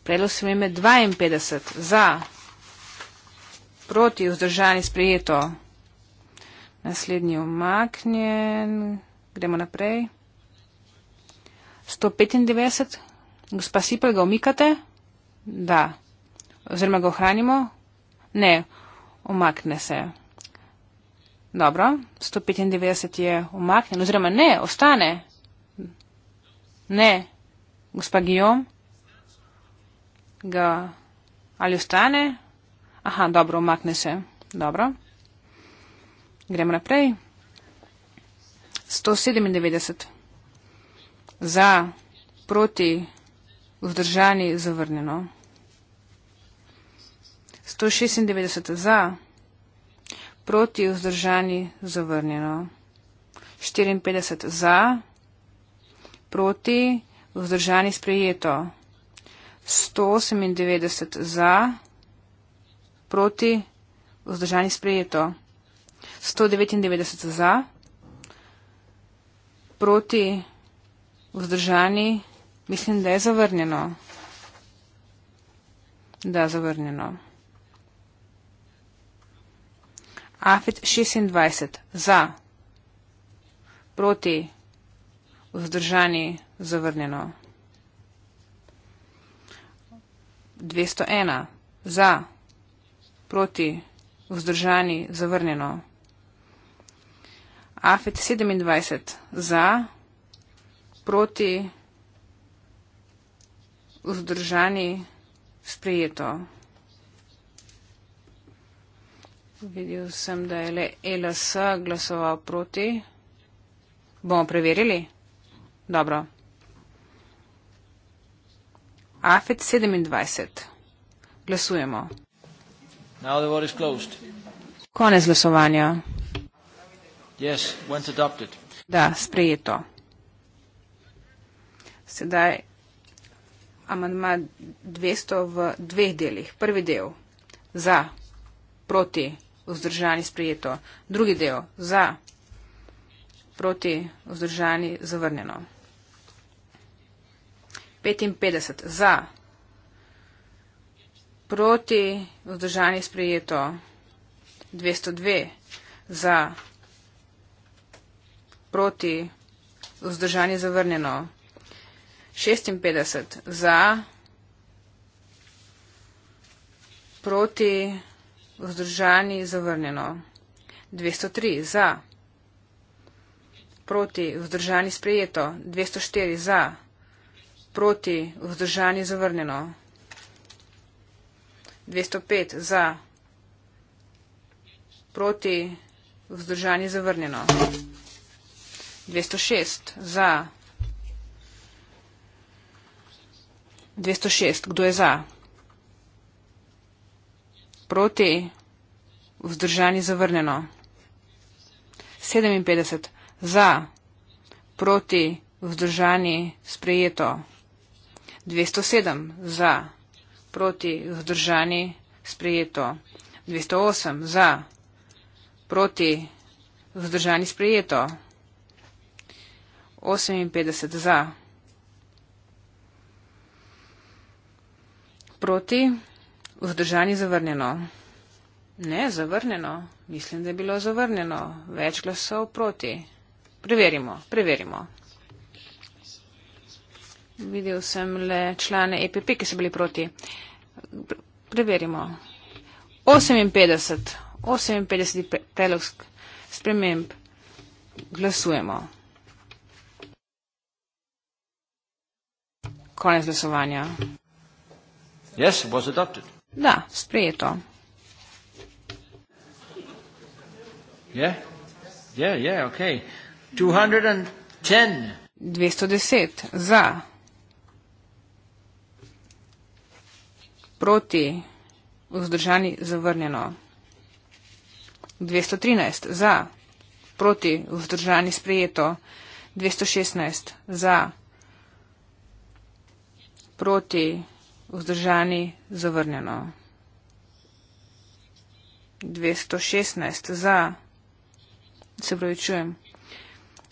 Predlog spremembe 52 za, proti vzdržani sprejeto. Naslednji omaknjen. Gremo naprej. 195. Gospa Sipel, ga omikate? Da. Oziroma ga ohranimo? Ne, omakne se. Dobro, 195 je omaknjen, oziroma ne, ostane. Ne, gospa Gijom ga ali ostane. Aha, dobro, omakne se. Dobro. Gremo naprej. 197. Za, proti, vzdržani, zavrnjeno. 196. Za, proti, vzdržani, zavrnjeno. 54. Za, proti, vzdržani, sprejeto. 198 za, proti, vzdržani sprejeto. 199 za, proti, vzdržani, mislim, da je zavrnjeno. Da, zavrnjeno. Afet 26 za, proti, vzdržani, zavrnjeno. 201. Za, proti, vzdržani, zavrnjeno. AFET 27. Za, proti, vzdržani, sprejeto. Videl sem, da je le e LS glasoval proti. Bomo preverili? Dobro. AFET 27. Glasujemo. Konec glasovanja. Yes, da, sprejeto. Sedaj amandma 200 v dveh delih. Prvi del za, proti, vzdržani, sprejeto. Drugi del za, proti, vzdržani, zavrnjeno. 55 za, proti vzdržanje sprejeto 202 za, proti vzdržanje zavrnjeno 56 za, proti vzdržanje zavrnjeno 203 za, proti vzdržanje sprejeto 204 za, proti vzdržanje zavrnjeno 204 za, proti, vzdržani zavrnjeno. 205 za, proti, vzdržani zavrnjeno. 206 za, 206, kdo je za, proti, vzdržani zavrnjeno. 57 za, proti, vzdržani sprejeto. 207 za, proti vzdržani sprejeto, 208 za, proti vzdržani sprejeto, 58 za, proti vzdržani zavrnjeno. Ne, zavrnjeno. Mislim, da je bilo zavrnjeno. Več glasov proti. Preverimo, preverimo. Videl sem le člane EPP, ki so bili proti. Preverimo. 58. 58. predlog sprememb. Glasujemo. Konec glasovanja. Yes, da, sprejeto. Yeah? Yeah, yeah, okay. 210. 210 za. proti, vzdržani, zavrnjeno. 213 za, proti, vzdržani, sprejeto. 216 za, proti, vzdržani, zavrnjeno. 216 za, se pravi, čujem.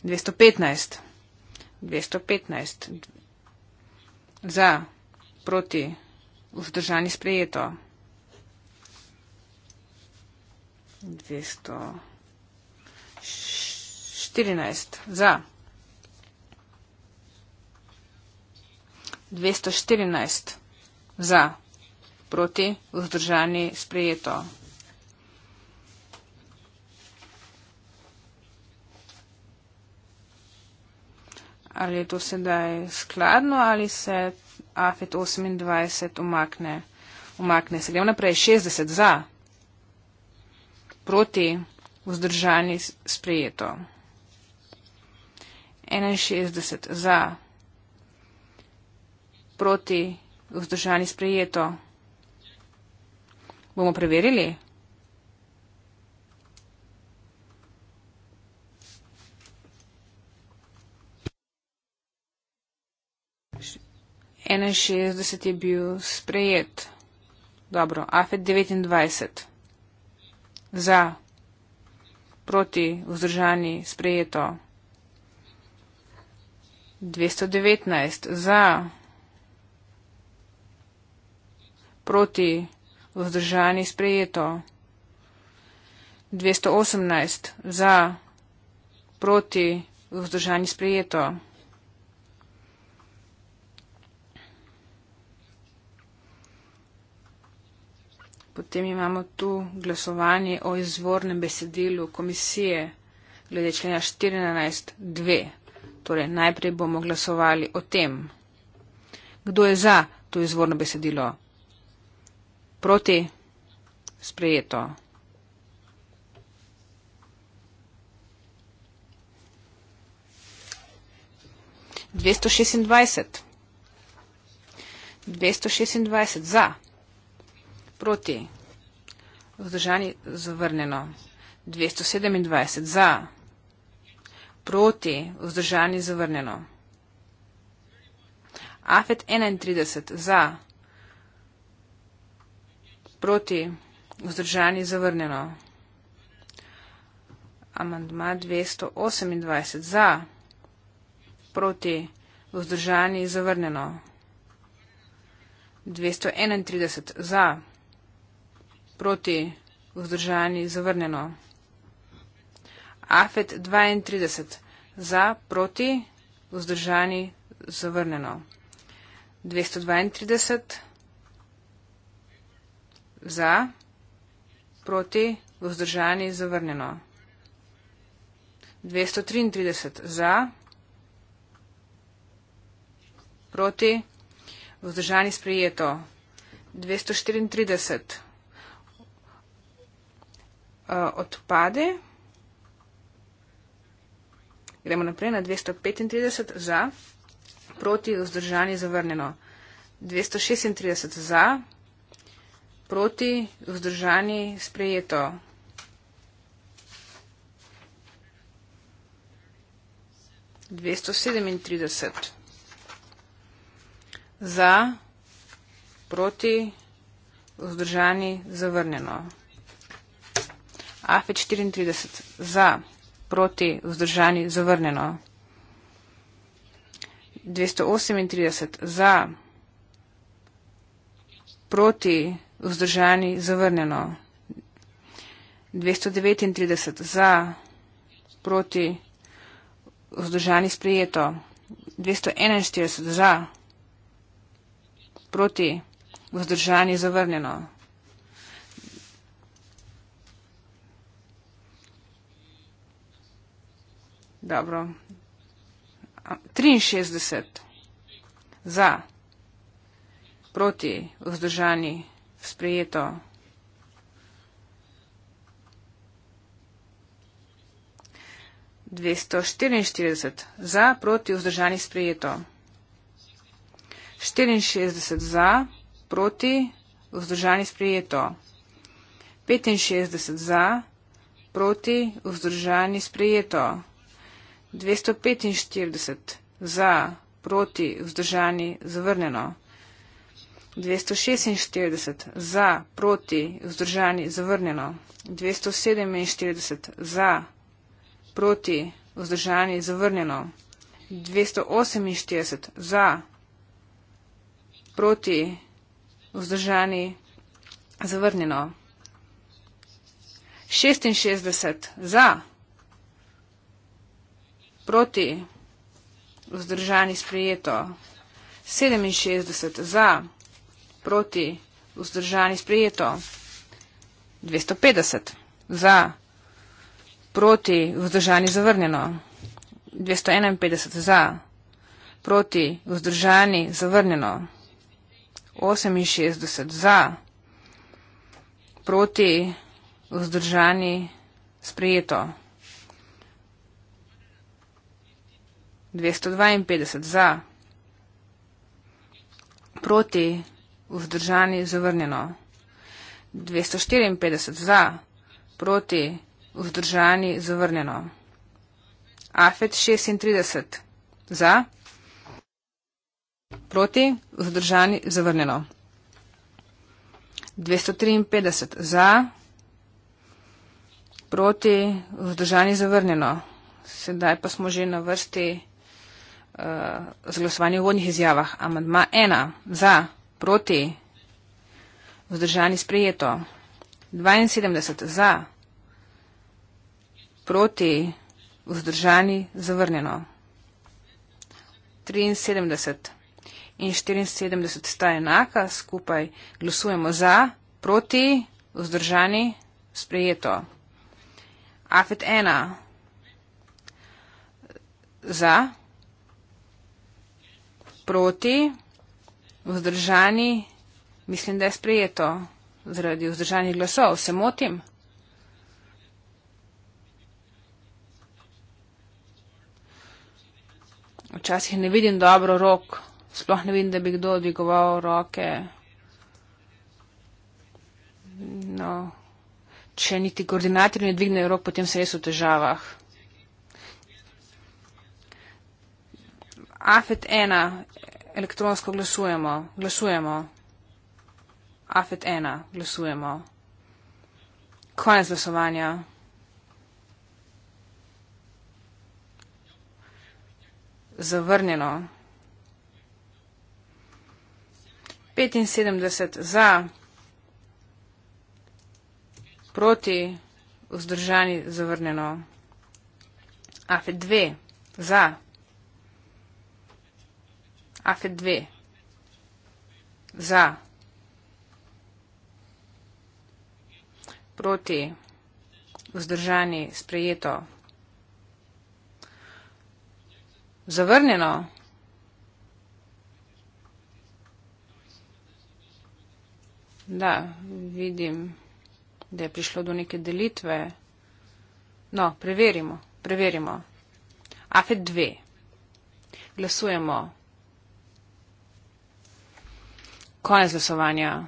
215, 215 za, proti, vzdržani, zavrnjeno vzdržani sprejeto. 214 za. 214 za. Proti vzdržani sprejeto. Ali je to sedaj skladno ali se Afet 28 umakne. umakne. Se gremo naprej, 60 za, proti, vzdržani sprejeto. 61 za, proti, vzdržani sprejeto. Bomo preverili? 61 je bil sprejet. Dobro, AFED 29 za proti vzdržani sprejeto. 219 za proti vzdržani sprejeto. 218 za proti vzdržani sprejeto. Potem imamo tu glasovanje o izvornem besedilu komisije glede člena 14.2. Torej, najprej bomo glasovali o tem, kdo je za to izvorno besedilo. Proti sprejeto. Dvesto šestindvajset. Dvesto šestindvajset za. Proti. Vzdržani zavrnjeno. 227 za. Proti. Vzdržani zavrnjeno. Afet 31 za. Proti. Vzdržani zavrnjeno. Amandma 228 za. Proti. Vzdržani zavrnjeno. 231 za proti vzdržani zavrnjeno. Afet 32 za proti vzdržani zavrnjeno. 232 za proti vzdržani zavrnjeno. 233 za proti vzdržani sprejeto. 234 Eh, odpade. Gremo naprej na 235 za, proti vzdržanje zavrnjeno. 236 za, proti vzdržanje sprejeto. Dvesto sedemintrideset za, proti, vzdržani, zavrnjeno. AFE 34 za, proti, vzdržani, zavrnjeno. 238 za, proti, vzdržani, zavrnjeno. 239 za, proti, vzdržani, sprejeto. 241 za, proti, vzdržani, zavrnjeno. Dobro. 63 za, proti, vzdržani, sprejeto. Dvesto štiriinštirideset za, proti, vzdržani, sprejeto. Štiriinšestdeset za, proti, vzdržani, sprejeto. Petinšestdeset za, proti, vzdržani, sprejeto. 245 za, proti, vzdržani, zavrnjeno. 246 za, proti, vzdržani, zavrnjeno. 247 za, proti, vzdržani, zavrnjeno. 248 za, proti, vzdržani, zavrnjeno. 66 za proti, vzdržani sprejeto, 67 za, proti, vzdržani sprejeto, 250 za, proti, vzdržani zavrnjeno, 251 za, proti, vzdržani zavrnjeno, 68 za, proti, vzdržani sprejeto. 252 za, proti, vzdržani, zavrnjeno. 254 za, proti, vzdržani, zavrnjeno. Afet 36 za, proti, vzdržani, zavrnjeno. 253 za, proti, vzdržani, zavrnjeno. Sedaj pa smo že na vrsti z glasovanjem v vodnih izjavah. Amandma ena za, proti, vzdržani sprejeto. 72 za, proti, vzdržani zavrnjeno. 73 in 74 sta enaka, skupaj glasujemo za, proti, vzdržani sprejeto. Afet ena za, proti, vzdržani sprejeto proti, vzdržani, mislim, da je sprejeto zaradi vzdržanih glasov. Se motim? Včasih ne vidim dobro rok, sploh ne vidim, da bi kdo odvigoval roke. No, če niti koordinatorji ne dvignejo rok, potem se res v težavah. AFET 1 elektronsko glasujemo. Glasujemo. AFET 1 glasujemo. Konec glasovanja. Zavrnjeno. 75 za, proti, vzdržani, zavrnjeno. AFE 2 za. AFE 2 za proti vzdržani sprejeto zavrnjeno da vidim da je prišlo do neke delitve no preverimo preverimo AFE 2 glasujemo Konec glasovanja.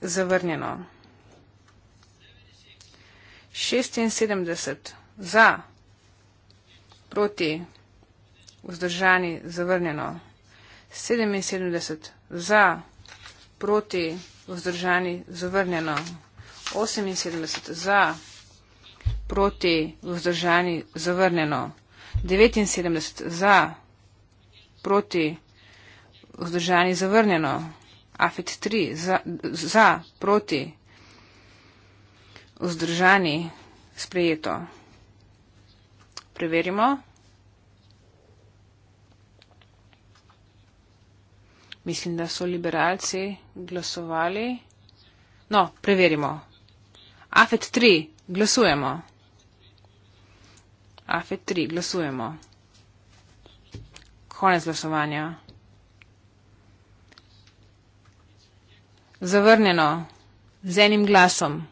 Zavrnjeno. 76 za, proti, vzdržani, zavrnjeno. 77 za, proti, vzdržani, zavrnjeno. 78 za, proti, vzdržani, zavrnjeno. 79 za, proti, vzdržani zavrnjeno, AFIT 3 za, za proti, vzdržani sprejeto. Preverimo. Mislim, da so liberalci glasovali. No, preverimo. AFET 3, glasujemo. AFE 3. Glasujemo. Konec glasovanja. Zavrnjeno. Z enim glasom.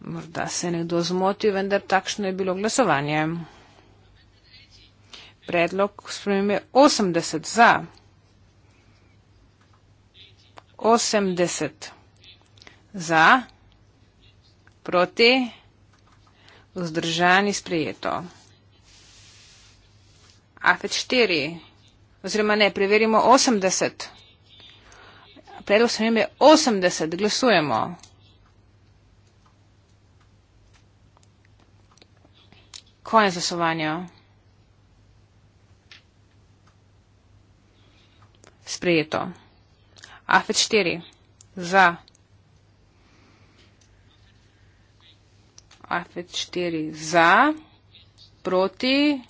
Morda se je nekdo zmotil, vendar takšno je bilo glasovanje. Predlog spremembe 80 za. 80 za. Proti vzdržani sprejeto. AFET 4, oziroma ne, preverimo 80. Predlog sem imel 80, glasujemo. Konec glasovanja. Sprejeto. AFET 4, za. Afet 4 za, proti,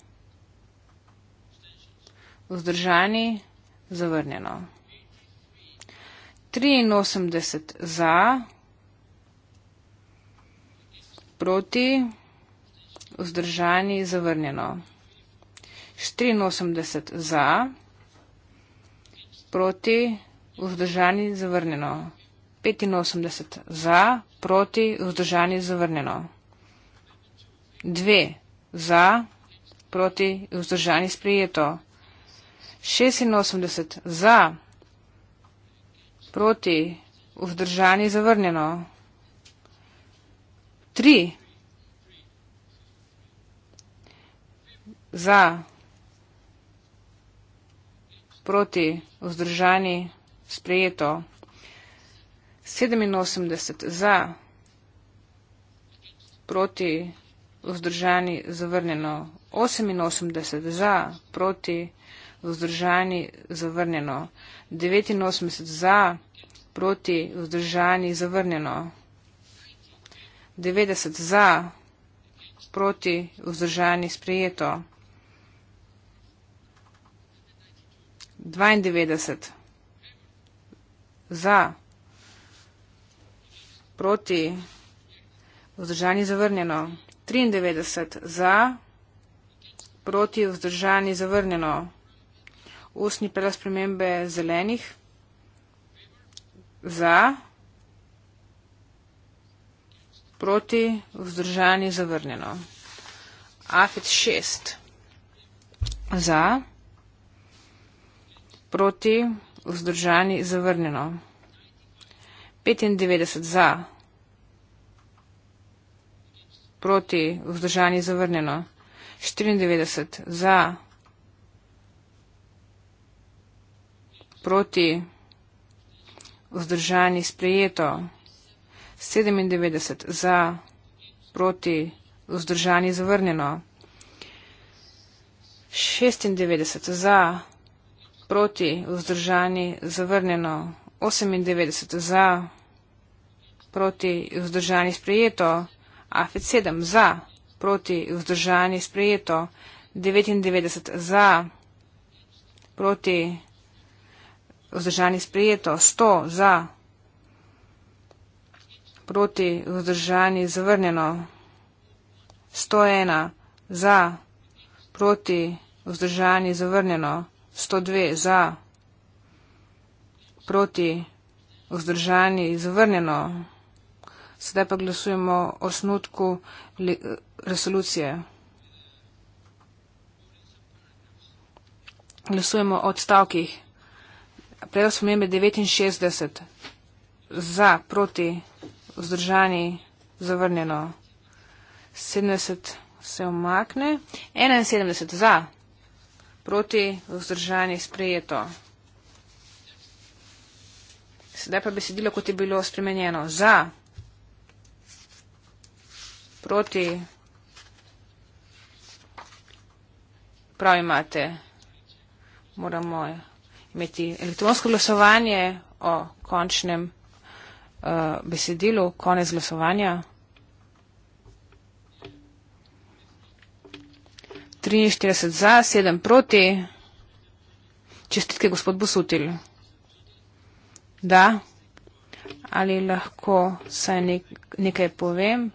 vzdržani, zavrnjeno. 83 za, proti, vzdržani, zavrnjeno. 84 za, proti, vzdržani, zavrnjeno. 85 za, proti, vzdržani, zavrnjeno. 2 za, proti, vzdržani sprejeto. 86 za, proti, vzdržani zavrnjeno. 3 za, proti, vzdržani sprejeto. 87 za, proti, vzdržani sprejeto vzdržani zavrnjeno 88 za, proti vzdržani zavrnjeno 89 za, proti vzdržani zavrnjeno 90 za, proti vzdržani sprejeto 92 za, proti vzdržani zavrnjeno 93 za, proti vzdržani zavrnjeno. Ustni predlog spremembe zelenih za, proti vzdržani zavrnjeno. AFIT 6 za, proti vzdržani zavrnjeno. 95 za, proti vzdržanje zavrnjeno. 94 za. Proti vzdržanje sprejeto. 97 za. Proti vzdržanje zavrnjeno. 96 za. Proti vzdržanje zavrnjeno. 98 za. Proti vzdržanje sprejeto. AFIT 7 za, proti vzdržanje sprejeto, 99 za, proti vzdržanje sprejeto, 100 za, proti vzdržanje zavrnjeno, 101 za, proti vzdržanje zavrnjeno, 102 za, proti vzdržanje zavrnjeno. Sedaj pa glasujemo o osnutku resolucije. Glasujemo o odstavkih. Predlog spremembe 69. Za, proti, vzdržani, zavrnjeno. 70 se omakne. 71 za, proti, vzdržani, sprejeto. Sedaj pa besedilo, kot je bilo spremenjeno. Za, proti. Prav imate, moramo imeti elektronsko glasovanje o končnem uh, besedilu, konec glasovanja. 43 za, 7 proti. Čestitke, gospod Bosutil. Da, ali lahko saj nekaj povem?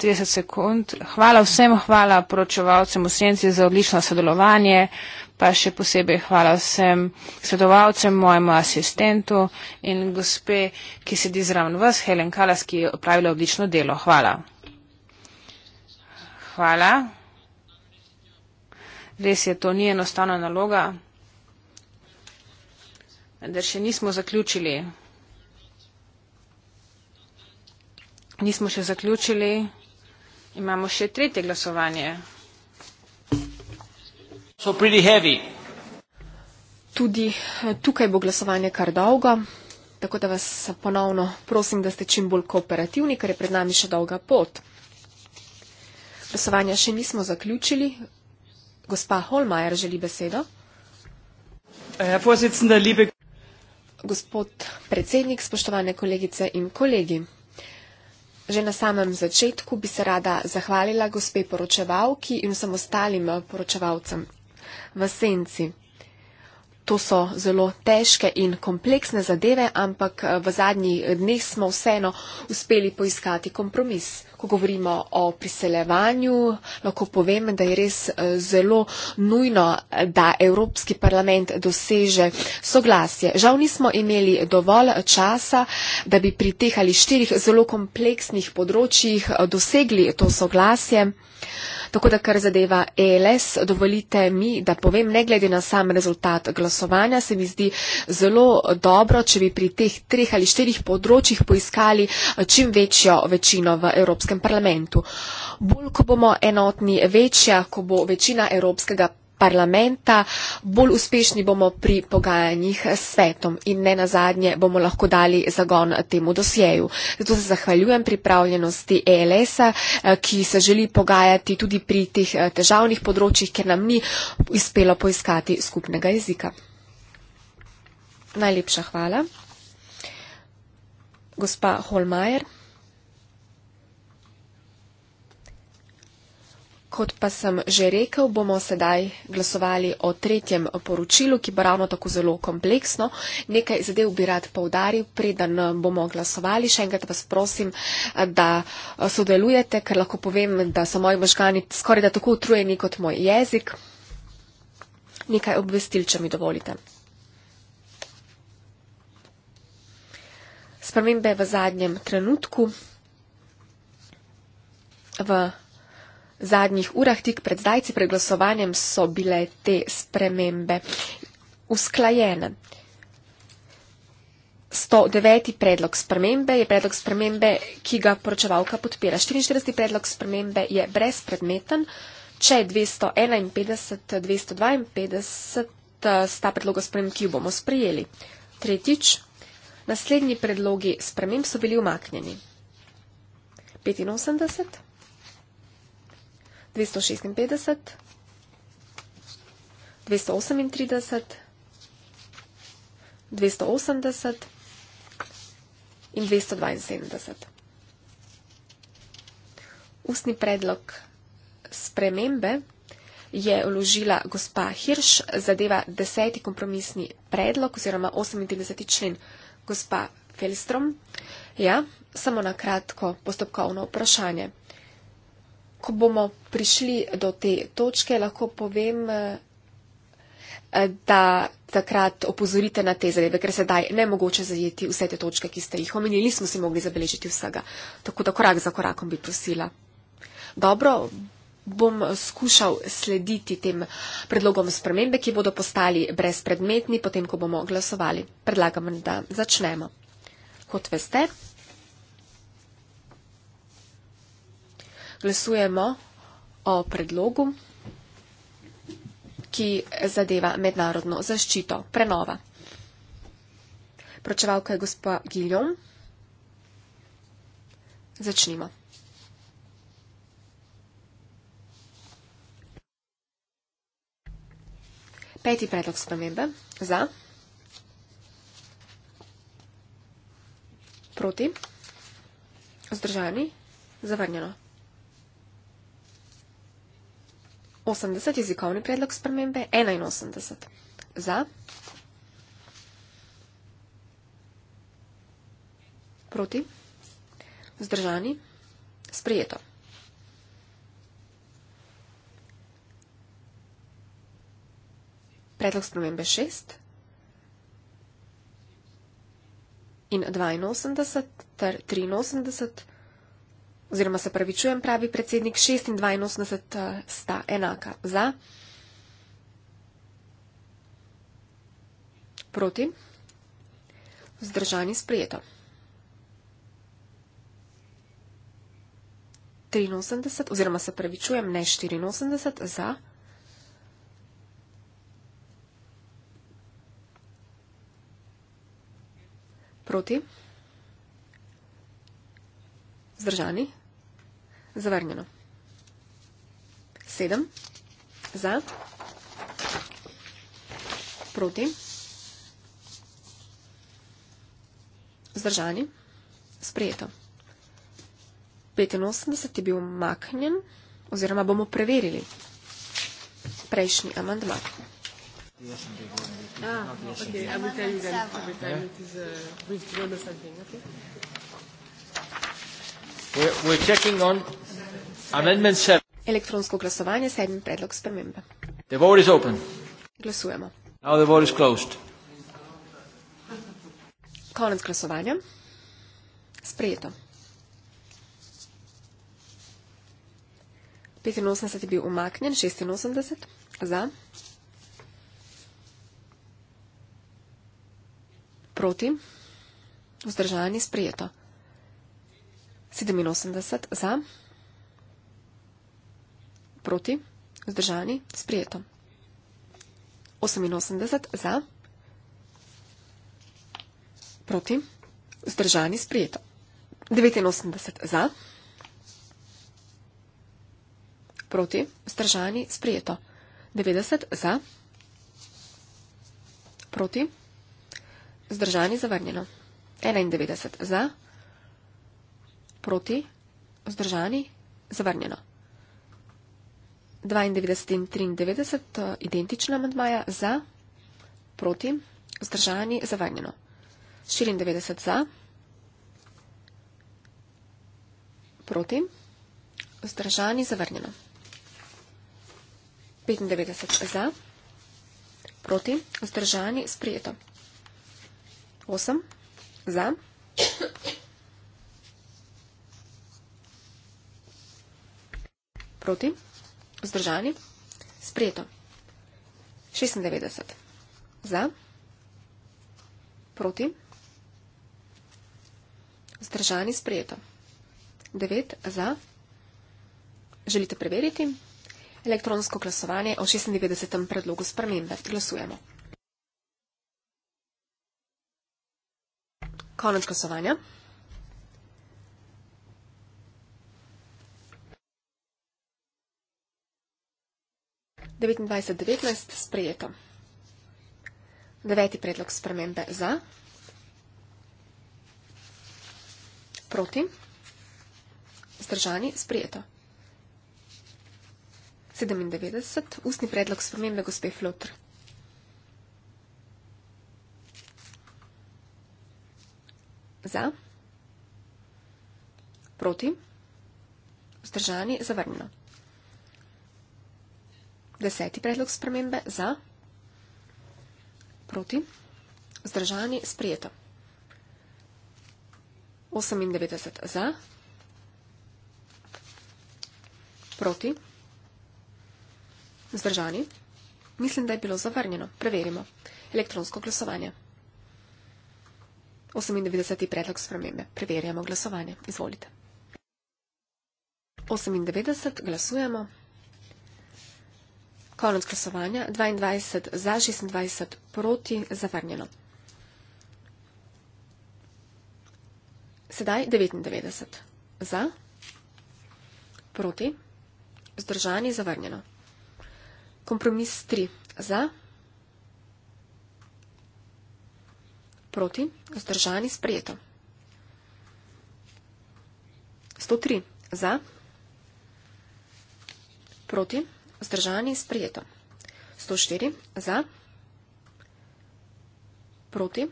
30 sekund. Hvala vsem, hvala poročevalcem v senci za odlično sodelovanje, pa še posebej hvala vsem svetovalcem, mojemu asistentu in gospe, ki sedi zraven vas, Helen Kalas, ki je opravila odlično delo. Hvala. Hvala. Res je, to ni enostavna naloga. Da še nismo zaključili. Nismo še zaključili. Imamo še tretje glasovanje. Tudi eh, tukaj bo glasovanje kar dolgo, tako da vas ponovno prosim, da ste čim bolj kooperativni, ker je pred nami še dolga pot. Glasovanja še nismo zaključili. Gospa Holmajer želi besedo. Äh, Gospod predsednik, spoštovane kolegice in kolegi. Že na samem začetku bi se rada zahvalila gospe poročevalki in vsem ostalim eh, poročevalcem v senci. To so zelo težke in kompleksne zadeve, ampak eh, v zadnjih dneh smo vseeno uspeli poiskati kompromis ko govorimo o priseljevanju, lahko povem, da je res eh, zelo nujno, eh, da Evropski parlament doseže soglasje. Žal nismo imeli dovolj časa, da bi pri teh ali štirih zelo kompleksnih področjih eh, dosegli to soglasje. Tako da, kar zadeva ELS, e dovolite mi, da povem, ne glede na sam rezultat glasovanja, se mi zdi zelo dobro, če bi pri teh treh ali štirih področjih poiskali eh, čim večjo večino v Evropskem parlamentu. Bolj, ko bomo enotni večja, ko bo večina Evropskega parlamenta, bolj uspešni bomo pri pogajanjih s svetom in ne na zadnje bomo lahko dali zagon temu dosjeju. Zato se zahvaljujem pripravljenosti ELS-a, eh, ki se želi pogajati tudi pri teh eh, težavnih področjih, ker nam ni uspelo poiskati skupnega jezika. Najlepša hvala. Gospa Holmajer. Kot pa sem že rekel, bomo sedaj glasovali o tretjem poročilu, ki bo ravno tako zelo kompleksno. Nekaj zadev bi rad povdaril, preden eh, bomo glasovali. Še enkrat vas prosim, eh, da eh, sodelujete, ker lahko povem, da so moji možgani skoraj da tako utrujeni kot moj jezik. Nekaj obvestil, če mi dovolite. Spremembe v zadnjem trenutku. V zadnjih urah, tik pred zdajci, pred glasovanjem, so bile te spremembe usklajene. 109. predlog spremembe je predlog spremembe, ki ga poročevalka podpira. 44. predlog spremembe je brezpredmeten, če 251-252 eh, sta predloga sprememb, ki jo bomo sprejeli. Tretjič, naslednji predlogi sprememb so bili umaknjeni. 85. 256, 238, 280 in 272. Ustni predlog spremembe je uložila gospa Hirš, zadeva deseti kompromisni predlog oziroma 38. člen gospa Felstrom. Ja, samo na kratko postopkovno vprašanje ko bomo prišli do te točke, lahko povem, eh, da takrat opozorite na te zadeve, ker sedaj ne mogoče zajeti vse te točke, ki ste jih omenili, smo si mogli zabeležiti vsega. Tako da korak za korakom bi prosila. Dobro, bom skušal slediti tem predlogom spremembe, ki bodo postali brezpredmetni, potem, ko bomo glasovali. Predlagam, da začnemo. Kot veste, glasujemo o predlogu, ki zadeva mednarodno zaščito. Prenova. Pročevalka je gospa Giljom. Začnimo. Peti predlog spremembe. Za. Proti. Zdržani. Zavrnjeno. 80 jezikovni predlog spremembe, 81 za. Proti. Zdržani. Sprijeto. Predlog spremembe 6 in 82 ter 83 za oziroma se pravičujem, pravi predsednik, 6 in 82 sta enaka za. Proti. Vzdržani sprejeto. 83 oziroma se pravičujem, ne 84 za. Proti. Zdržani. Zavrnjeno. Sedem. Za. Proti. Zdržani. Sprejeto. 85 je bil maknjen oziroma bomo preverili prejšnji amandma. Ah, okay. I will tell you then. I will tell you it is a uh, brief journal something, okay? Elektronsko glasovanje, sedem predlog spremembe. Glasujemo. Konec glasovanja. Sprejeto. 85 je bil umaknjen, 86 za. Proti. Vzdržanje sprejeto. 87 za, proti, vzdržani, sprijeto. 88 za, proti, vzdržani, sprijeto. 89 za, proti, vzdržani, sprijeto. 90 za, proti, vzdržani, zavrnjeno. 91 za, proti proti, vzdržani, zavrnjeno. 92 in 93 identična amantmaja za, proti, vzdržani, zavrnjeno. 94 za, proti, vzdržani, zavrnjeno. 95 za, proti, vzdržani, sprijeto. 8 za, proti, vzdržani, sprejeto. 96. Za, proti, vzdržani, sprejeto. 9. Za, želite preveriti elektronsko glasovanje o 96. predlogu spremembe. Glasujemo. Konec glasovanja. 29.19 sprejeto. Deveti predlog spremembe za. Proti. Zdržani sprejeto. 97. Ustni predlog spremembe gospe Flutr. Za. Proti. Zdržani zavrnjeno. Deseti predlog spremembe za, proti, zdržani, sprijeto. 98 za, proti, zdržani. Mislim, da je bilo zavrnjeno. Preverimo. Elektronsko glasovanje. 98. predlog spremembe. Preverjamo glasovanje. Izvolite. 98. glasujemo. 98. glasujemo. Konec glasovanja 22 za 26 proti zavrnjeno. Sedaj 99 za proti zdržani zavrnjeno. Kompromis 3 za proti zdržani sprejeto. 103 za proti zdržani sprejeto. Vzdržani sprejeto. 104 za. Proti.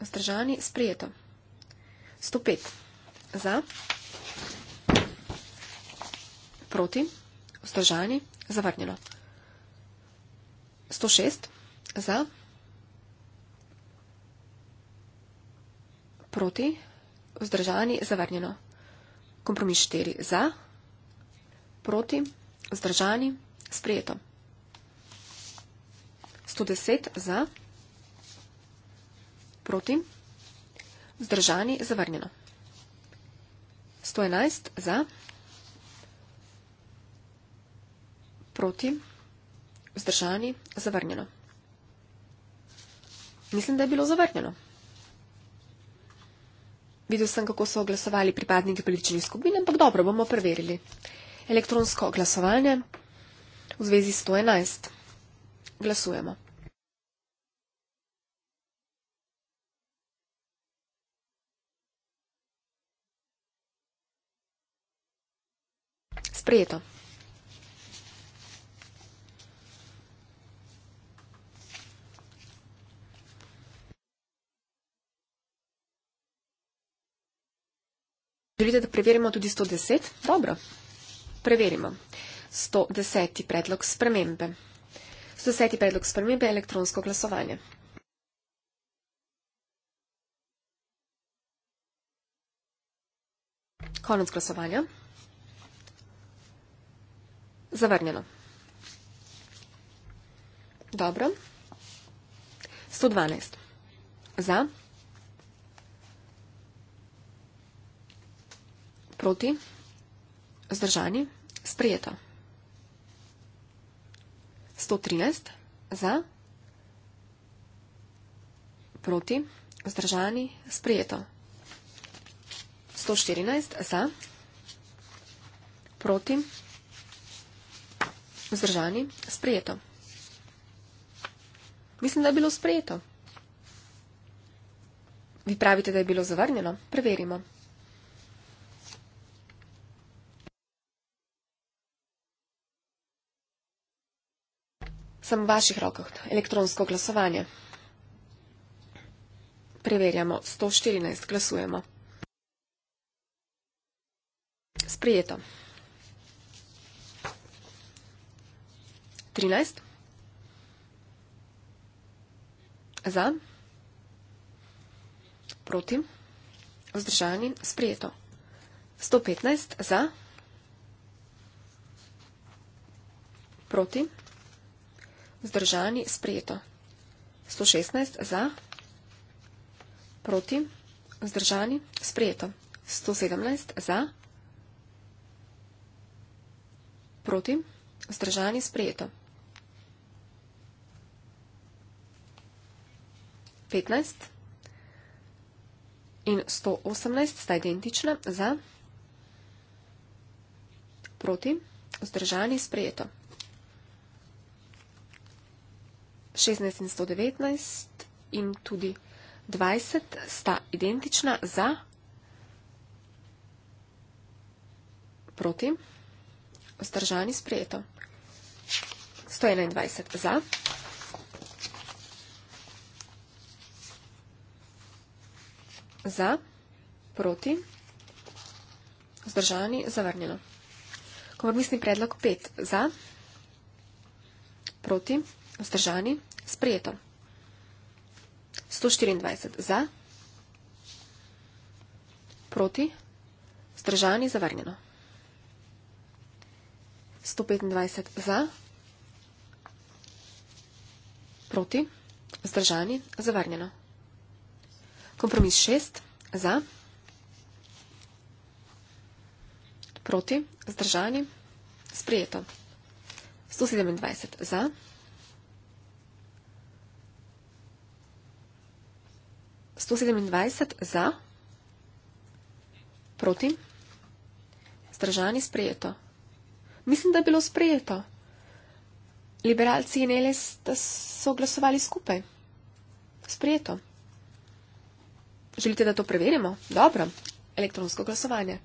Vzdržani sprejeto. 105 za. Proti. Vzdržani zavrnjeno. 106 za. Proti. Vzdržani zavrnjeno. Kompromis 4 za. Proti. Vzdržani zavrnjeno. Sprejeto. 110 za, proti, vzdržani, zavrnjeno. 111 za, proti, vzdržani, zavrnjeno. Mislim, da je bilo zavrnjeno. Videl sem, kako so glasovali pripadniki politične skupine, ampak dobro, bomo preverili. Elektronsko glasovanje v zvezi 111. Glasujemo. Sprejeto. Želite, da preverimo tudi 110? Dobro, preverimo. 110. predlog spremembe. 110. predlog spremembe je elektronsko glasovanje. Konec glasovanja. Zavrnjeno. Dobro. 112. Za. Proti. Zdržani. Sprijeto. 113 za, proti, vzdržani, sprejeto. 114 za, proti, vzdržani, sprejeto. Mislim, da je bilo sprejeto. Vi pravite, da je bilo zavrnjeno? Preverimo. sem v vaših rokah. Elektronsko glasovanje. Preverjamo. 114. Glasujemo. Sprijeto. 13. Za. Proti. Vzdržani. Sprijeto. 115. Za. Proti. Zdržani sprejeto. 116 za, proti, vzdržani, sprejeto. 117 za, proti, vzdržani, sprejeto. 15 in 118 sta identična za, proti, vzdržani, sprejeto. 16 in 119 in tudi 20 sta identična za, proti, vzdržani sprejeto. 121 za. 1 za, proti, vzdržani, zavrnjeno. Kompromisni predlog 5 za, proti, vzdržani, zavrnjeno. Sprejeto. 124 za, proti, zdržani, zavrnjeno. 125 za, proti, zdržani, zavrnjeno. Kompromis 6 za, proti, zdržani, sprejeto. 127 za, proti, zdržani, zavrnjeno. 127 za, proti, zdržani sprejeto. Mislim, da je bilo sprejeto. Liberalci in Eles so glasovali skupaj. Sprejeto. Želite, da to preverimo? Dobro. Elektronsko glasovanje.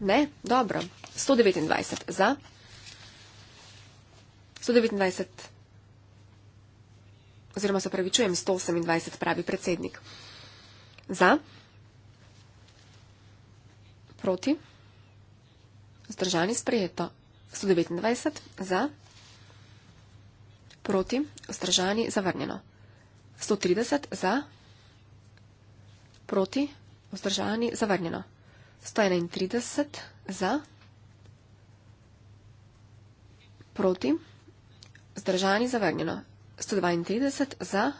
Ne, dobro. 129 za. 129 oziroma se pravi, čujem 128, pravi predsednik. Za, proti, vzdržani sprejeto 129, za, proti, vzdržani zavrnjeno 130, za, proti, vzdržani zavrnjeno 131, za, proti, vzdržani zavrnjeno 132 za,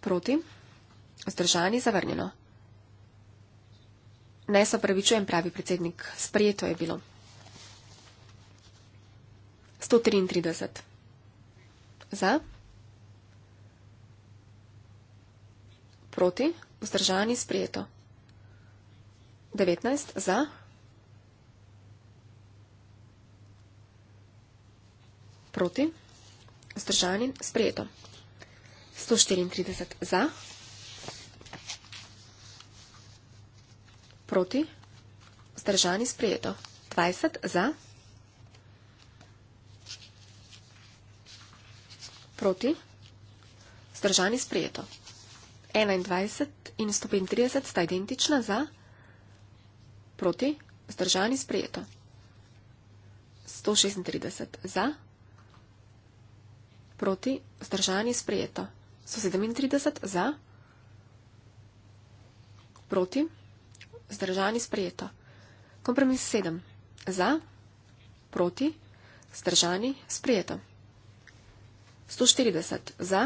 proti, vzdržani, zavrnjeno. Ne se opravičujem, pravi predsednik, sprejeto je bilo. 133 za, proti, vzdržani, sprejeto. 19 za. proti, vzdržani, sprejeto. 134 za, proti, vzdržani, sprejeto. 20 za, proti, vzdržani, sprejeto. 21 in 135 sta identična za, proti, vzdržani, sprejeto. 136 za, proti, vzdržani, sprejeto proti, vzdržanje je sprejeto. So 37 za, proti, vzdržanje je sprejeto. Kompromis 7 za, proti, vzdržanje je sprejeto. 140 za,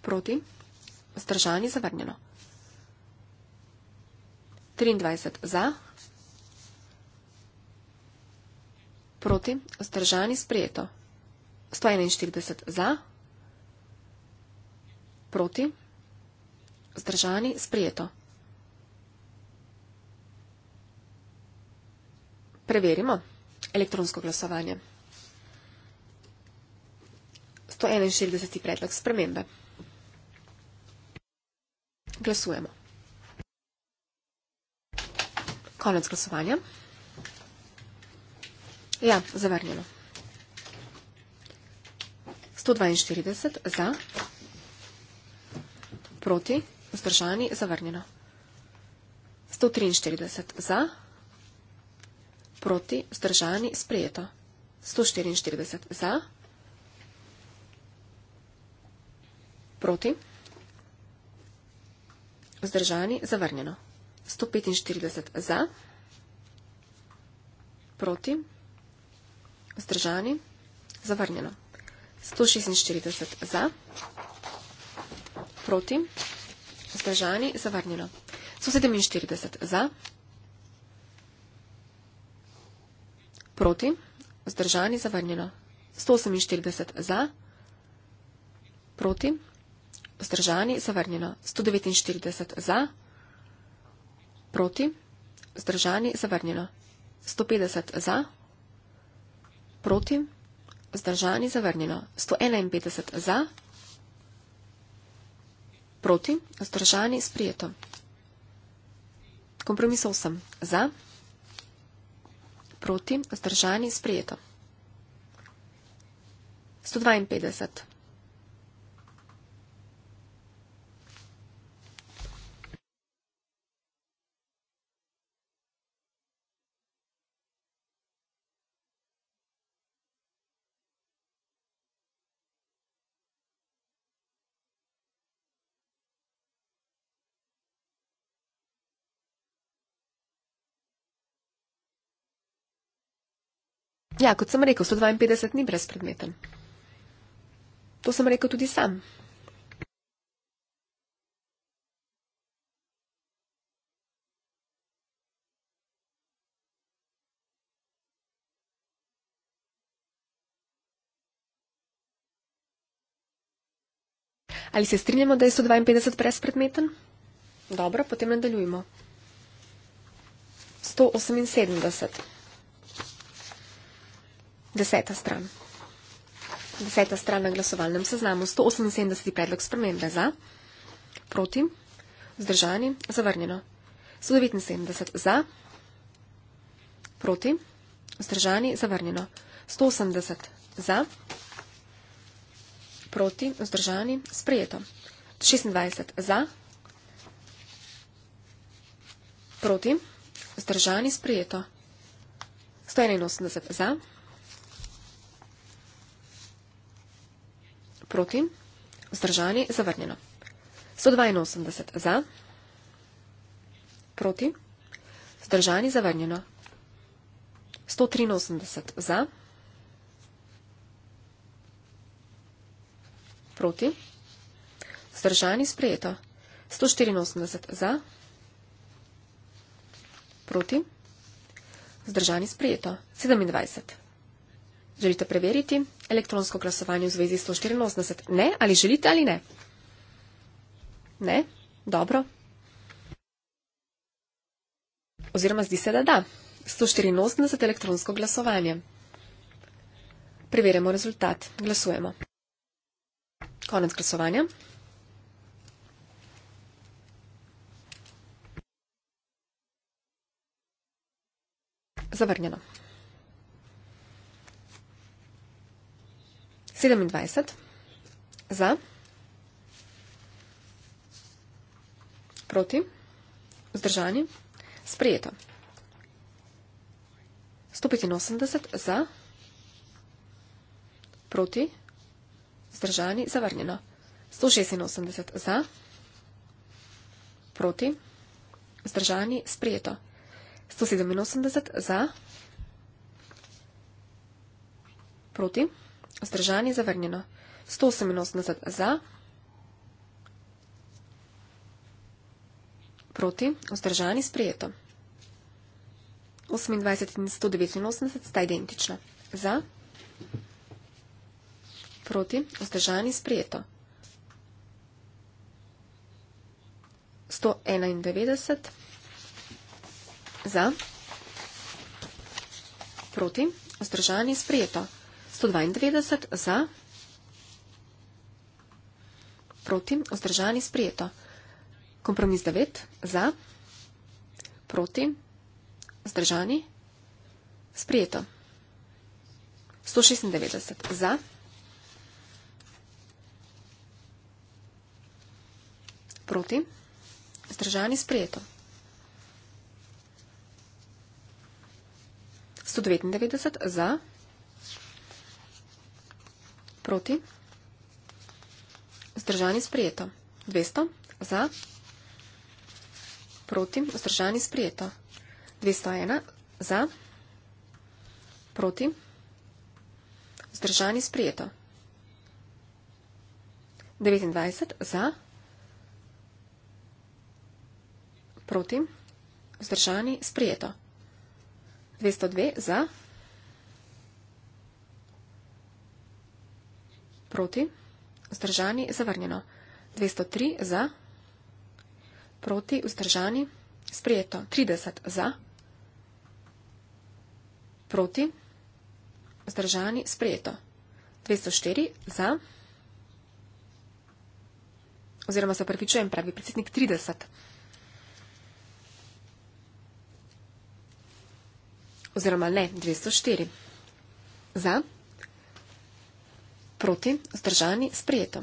proti, vzdržanje je zavrnjeno. 23 za, proti. proti, vzdržani sprejeto. 141 za, proti, vzdržani sprejeto. Preverimo elektronsko glasovanje. 141. predlog spremembe. Glasujemo. Konec glasovanja. Ja, zavrnjeno. 142 za, proti, zdržani, zavrnjeno. 143 za, proti, zdržani, sprejeto. 144 za, proti, zdržani, zavrnjeno. 145 za, proti, zdržani, zavrnjeno. Zdržani? Zavrnjeno. 146 za. Proti? Zdržani? Zavrnjeno. 147 za. Proti? Zdržani? Zavrnjeno. 148 za. Proti? Zdržani? Zavrnjeno. 149 za. Proti? Zdržani? Zavrnjeno. 150 za. Proti? proti, zdržani zavrnjeno, 151 za, proti, zdržani sprijeto. Kompromis 8 za, proti, zdržani sprijeto. 152. Ja, kot sem rekel, 152 ni brezpredmeten. To sem rekel tudi sam. Ali se strinjamo, da je 152 brezpredmeten? Dobro, potem nadaljujmo. 178. Deseta stran. Deseta stran na glasovalnem seznamu. 178 predlog spremembe za, proti, vzdržani, zavrnjeno. 179 za, proti, vzdržani, zavrnjeno. 180 za, proti, vzdržani, sprejeto. 26 za, proti, vzdržani, sprejeto. 181 za. proti, vzdržani, zavrnjeno. 182 za, proti, vzdržani, zavrnjeno. 183 za, proti, vzdržani, sprejeto. 184 za, proti, vzdržani, sprejeto. 27. Želite preveriti elektronsko glasovanje v zvezi 184? Ne, ali želite ali ne? Ne? Dobro. Oziroma zdi se, da da. 184 elektronsko glasovanje. Preverjamo rezultat. Glasujemo. Konec glasovanja. Zavrnjeno. 27 za, proti, vzdržani, sprijeto. 185 za, proti, vzdržani, zavrnjeno. 186 za, proti, vzdržani, sprijeto. 187 za, proti, vzdržani, sprijeto. Vzdržanje zavrnjeno. 188 za. Proti. Vzdržanje sprejeto. 28 in 189 sta identična. Za. Proti. Vzdržanje sprejeto. 191. Za. Proti. Vzdržanje sprejeto. 192 za, proti, vzdržani sprijeto. Kompromis 9 za, proti, vzdržani sprijeto. 196 za, proti, vzdržani sprijeto. 199 za, proti, vzdržani sprijeto. Proti? Zdržani sprijeto. 200. Za? Proti? Zdržani sprijeto. 201. Za? Proti? Zdržani sprijeto. 29. Za? Proti? Zdržani sprijeto. 202. Za? Proti? Proti. Vzdržani. Zavrnjeno. 203 za. Proti. Vzdržani. Sprijeto. 30 za. Proti. Vzdržani. Sprijeto. 204 za. Oziroma se prepričujem, pravi predsednik 30. Oziroma ne, 204. Za. Proti, zdržani, sprijeto.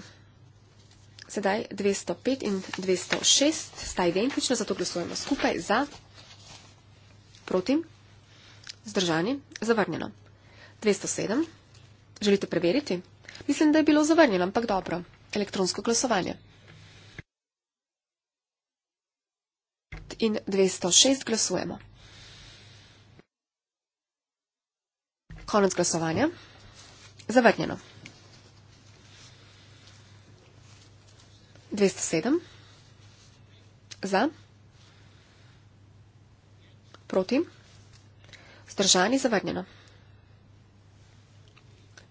Sedaj 205 in 206 sta identična, zato glasujemo skupaj za, proti, zdržani, zavrnjeno. 207, želite preveriti? Mislim, da je bilo zavrnjeno, ampak dobro, elektronsko glasovanje. In 206 glasujemo. Konec glasovanja, zavrnjeno. 207. Za. Proti. Zdržani zavrnjeno.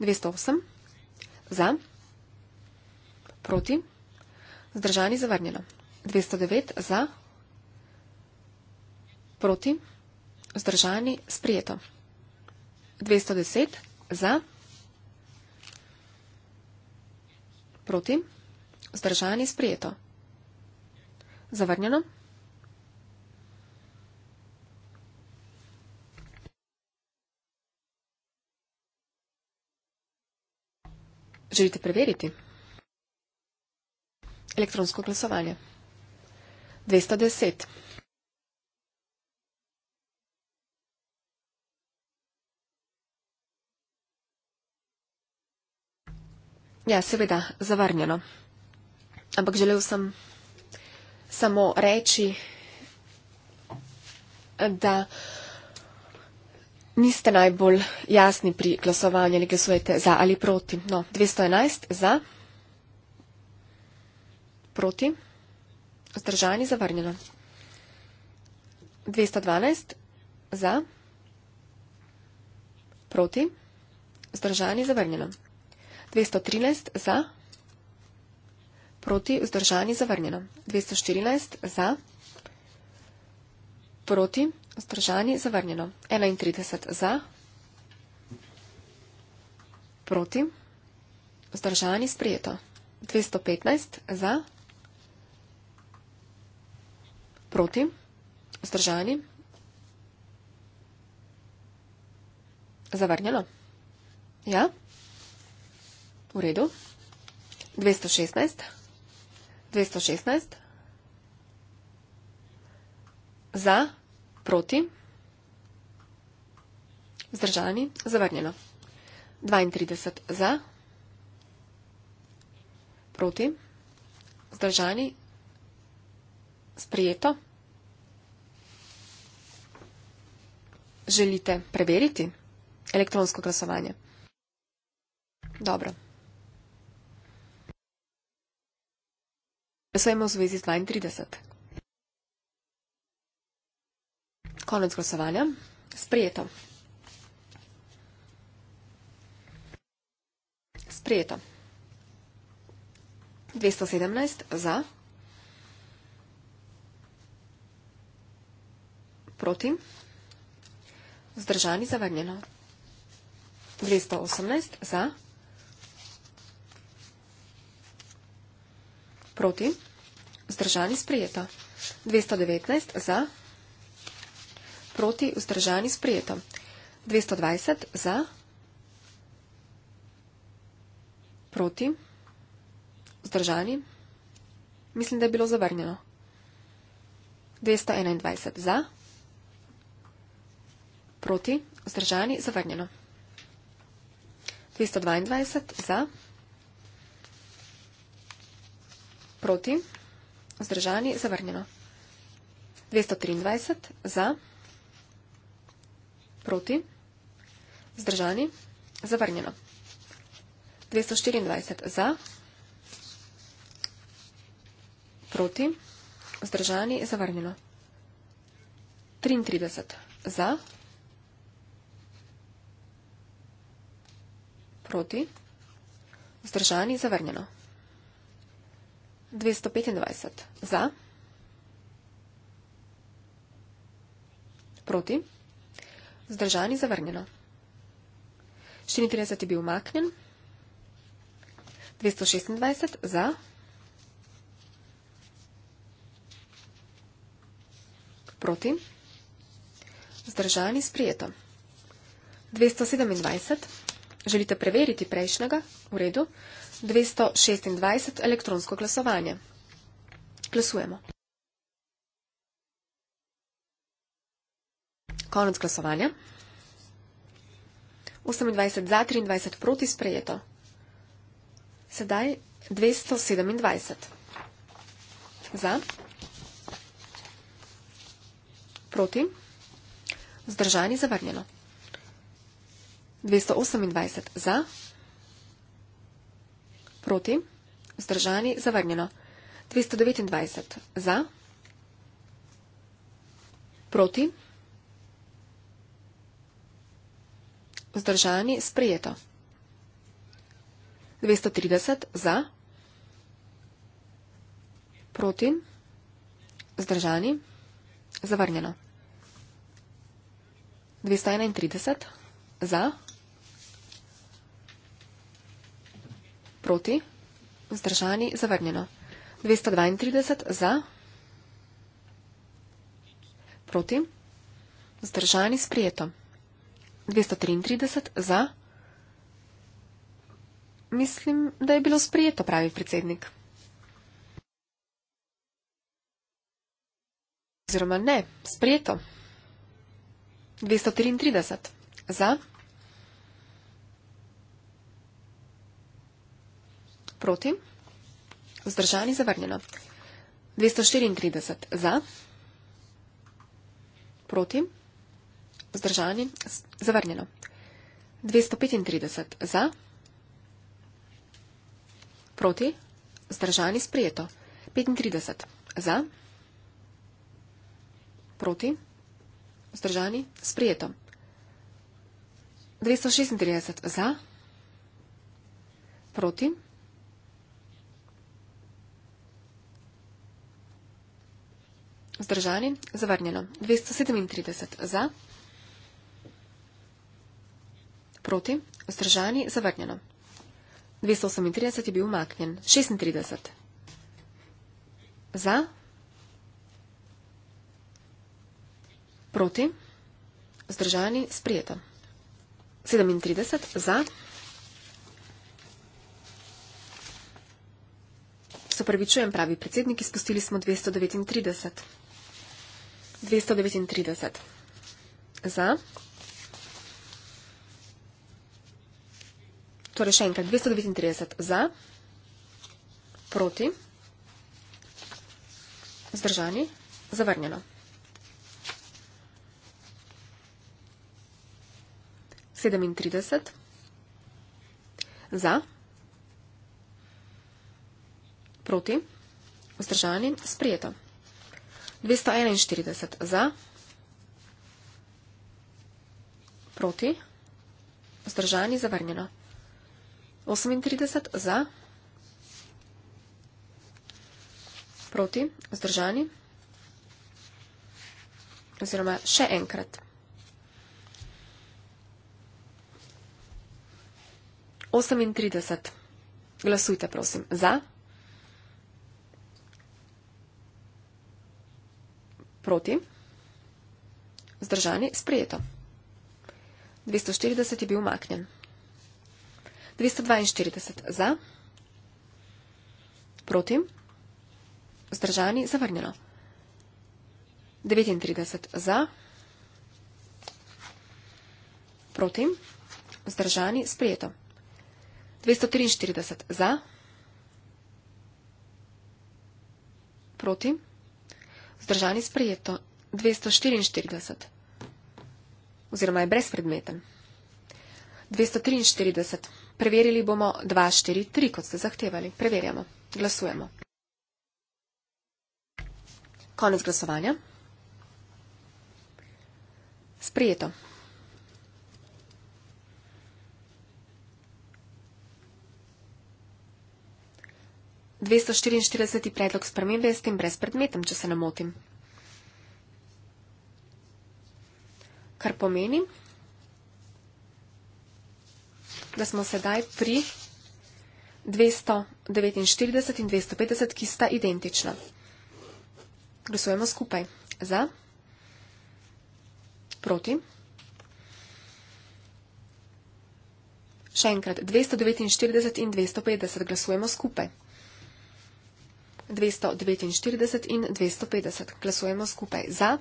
208. Za. Proti. Zdržani zavrnjeno. 209. Za. Proti. Zdržani sprijeto. 210. Za. Proti. Zdržani sprijeto. Zavrnjeno. Želite preveriti? Elektronsko glasovanje. 210. Ja, seveda, zavrnjeno ampak želel sem samo reči, da niste najbolj jasni pri glasovanju ali glasujete za ali proti. No, 211 za, proti, vzdržani, zavrnjeno. 212 za, proti, vzdržani, zavrnjeno. 213 za, proti proti, vzdržani, zavrnjeno. 214 za, proti, vzdržani, zavrnjeno. 31 za, proti, vzdržani, sprijeto. 215 za, proti, vzdržani, zavrnjeno. Ja, v redu. 216 dvesto šestnajst za, proti, vzdržani, zavrnjeno. Dvaintrideset za, proti, vzdržani, sprijeto. Želite preveriti elektronsko glasovanje? Dobro. Glasujemo v zvezi z 32. Konec glasovanja. Sprejeto. Sprejeto. 217 za. Proti. Zdržani zavrnjeno. 218 za. proti, vzdržani sprijeta. 219 za, proti, vzdržani sprijeta. 220 za, proti, vzdržani. Mislim, da je bilo zavrnjeno. 221 za, proti, vzdržani, zavrnjeno. 222 za. proti, vzdržani, zavrnjeno. 223 za, proti, vzdržani, zavrnjeno. 224 za, proti, vzdržani, zavrnjeno. 33 za, proti, vzdržani, zavrnjeno. 225. Za? Proti? Zdržani, zavrnjeno. 34 je bil umaknjen. 226. Za? Proti? Zdržani, sprijeto. 227. Želite preveriti prejšnjega? V redu. 226 elektronsko glasovanje. Glasujemo. Konec glasovanja. 28 za, 23 proti sprejeto. Sedaj 227 za, proti, zdržani zavrnjeno. 228 za, Proti? Vzdržani? Zavrnjeno. 229. Za? Proti? Vzdržani? Sprijeto. 230. Za? Proti? Vzdržani? Zavrnjeno. 231. Za? proti, vzdržani, zavrnjeno. 232 za, proti, vzdržani, sprijeto. 233 za, mislim, da je bilo sprijeto, pravi predsednik. Oziroma ne, sprijeto. 233 za. Proti. Zdržani zavrnjeno. 234 za. Proti. Zdržani zavrnjeno. 235 za. Proti. Zdržani sprijeto. 35 za. Proti. Zdržani sprijeto. 236 za. Proti. Zdržani, zavrnjeno. 237 za, proti, zdržani, zavrnjeno. 238 je bil umaknjen. 36 za, proti, zdržani, sprijeto. 37 za, se pravi, čujem pravi predsednik, izpustili smo 239. 239 za. Torej še enkrat, 239 za, proti, zdržani, zavrnjeno. Sedemintrideset za, proti, vzdržani, sprijeto. 241 za, proti, vzdržani, zavrnjeno. 38 za, proti, vzdržani, oziroma še enkrat. 38. Glasujte, prosim, za. Proti. Zdržani. Sprijeto. 240 je bil umaknjen. 242 za. Proti. Zdržani. Zavrnjeno. 39 za. Proti. Zdržani. Sprijeto. 243 za. Proti. Zdržani sprejeto 244 oziroma je brezpredmeten. 243. Preverili bomo 243, kot ste zahtevali. Preverjamo. Glasujemo. Konec glasovanja. Sprejeto. 244. predlog spremembe s tem brezpredmetem, če se ne motim. Kar pomeni, da smo sedaj pri 249 in 250, ki sta identična. Glasujemo skupaj. Za. Proti. Še enkrat. 249 in 250. Glasujemo skupaj. 249 in 250. Glasujemo skupaj za,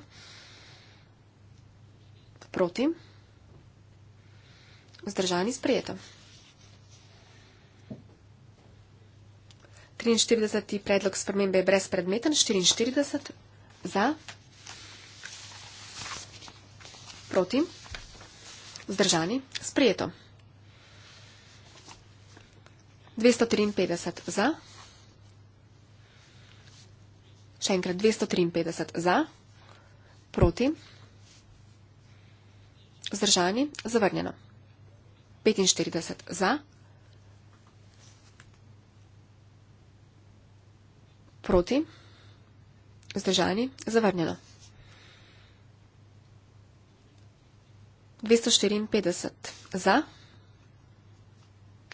proti, vzdržani, sprejeto. 43. predlog spremembe je brezpredmeten, 44 za, proti, vzdržani, sprejeto. 253 za. Še enkrat 253 za, proti, vzdržani, zavrnjeno. 45 za, proti, vzdržani, zavrnjeno. 254 za,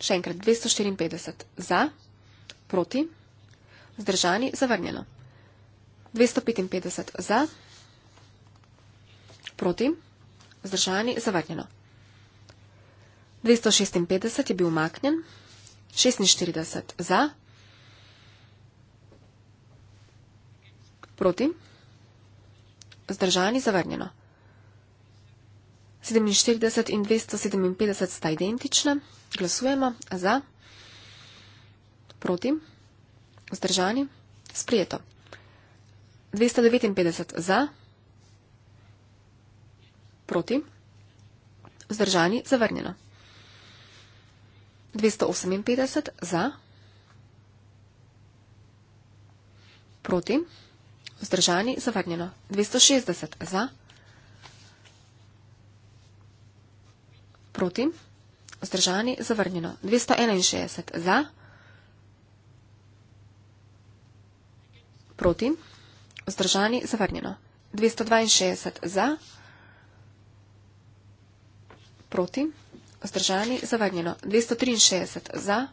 še enkrat 254 za, proti, vzdržani, zavrnjeno. 255 za, proti, vzdržani, zavrnjeno. 256 je bil umaknjen, 46 za, proti, vzdržani, zavrnjeno. 47 in 257 sta identična, glasujemo za, proti, vzdržani, sprijeto. 259 za, proti, vzdržani, zavrnjeno. 258 za, proti, vzdržani, zavrnjeno. 260 za, proti, vzdržani, zavrnjeno. 261 za, proti, vzdržani, zavrnjeno. Zdržani zavrnjeno. 262 za. Proti. Zdržani zavrnjeno. 263 za.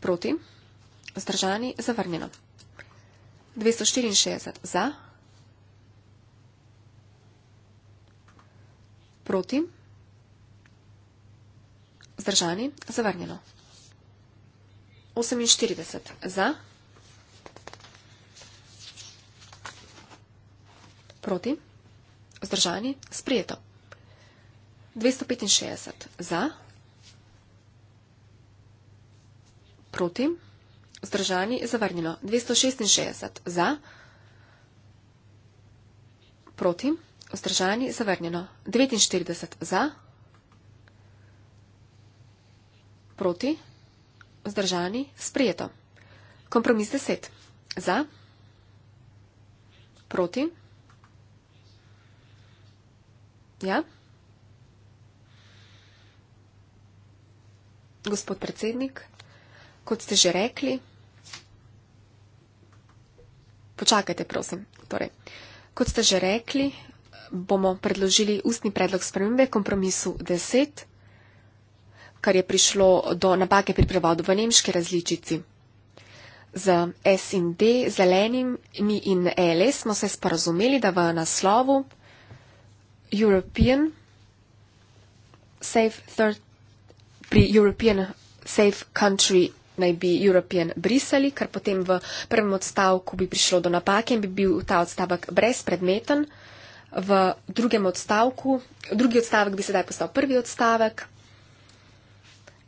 Proti. Zdržani zavrnjeno. 264 za. Proti. Zdržani zavrnjeno. 48 za, proti, vzdržani, sprijeto. 265 za, proti, vzdržani, zavrnjeno. 266 za, proti, vzdržani, zavrnjeno. 49 za, proti, vzdržani, zavrnjeno. Vzdržani, sprijeto. Kompromis deset. Za. Proti. Ja. Gospod predsednik, kot ste že rekli, počakajte, prosim. Torej, kot ste že rekli, bomo predložili ustni predlog spremembe kompromisu deset kar je prišlo do napake pri prevodu v nemški različici. Z S in D, zelenim, mi in e L smo se sporazumeli, da v naslovu European Safe Third, pri European Safe Country naj bi European brisali, ker potem v prvem odstavku bi prišlo do napake in bi bil ta odstavek brezpredmeten. V drugem odstavku, drugi odstavek bi sedaj postal prvi odstavek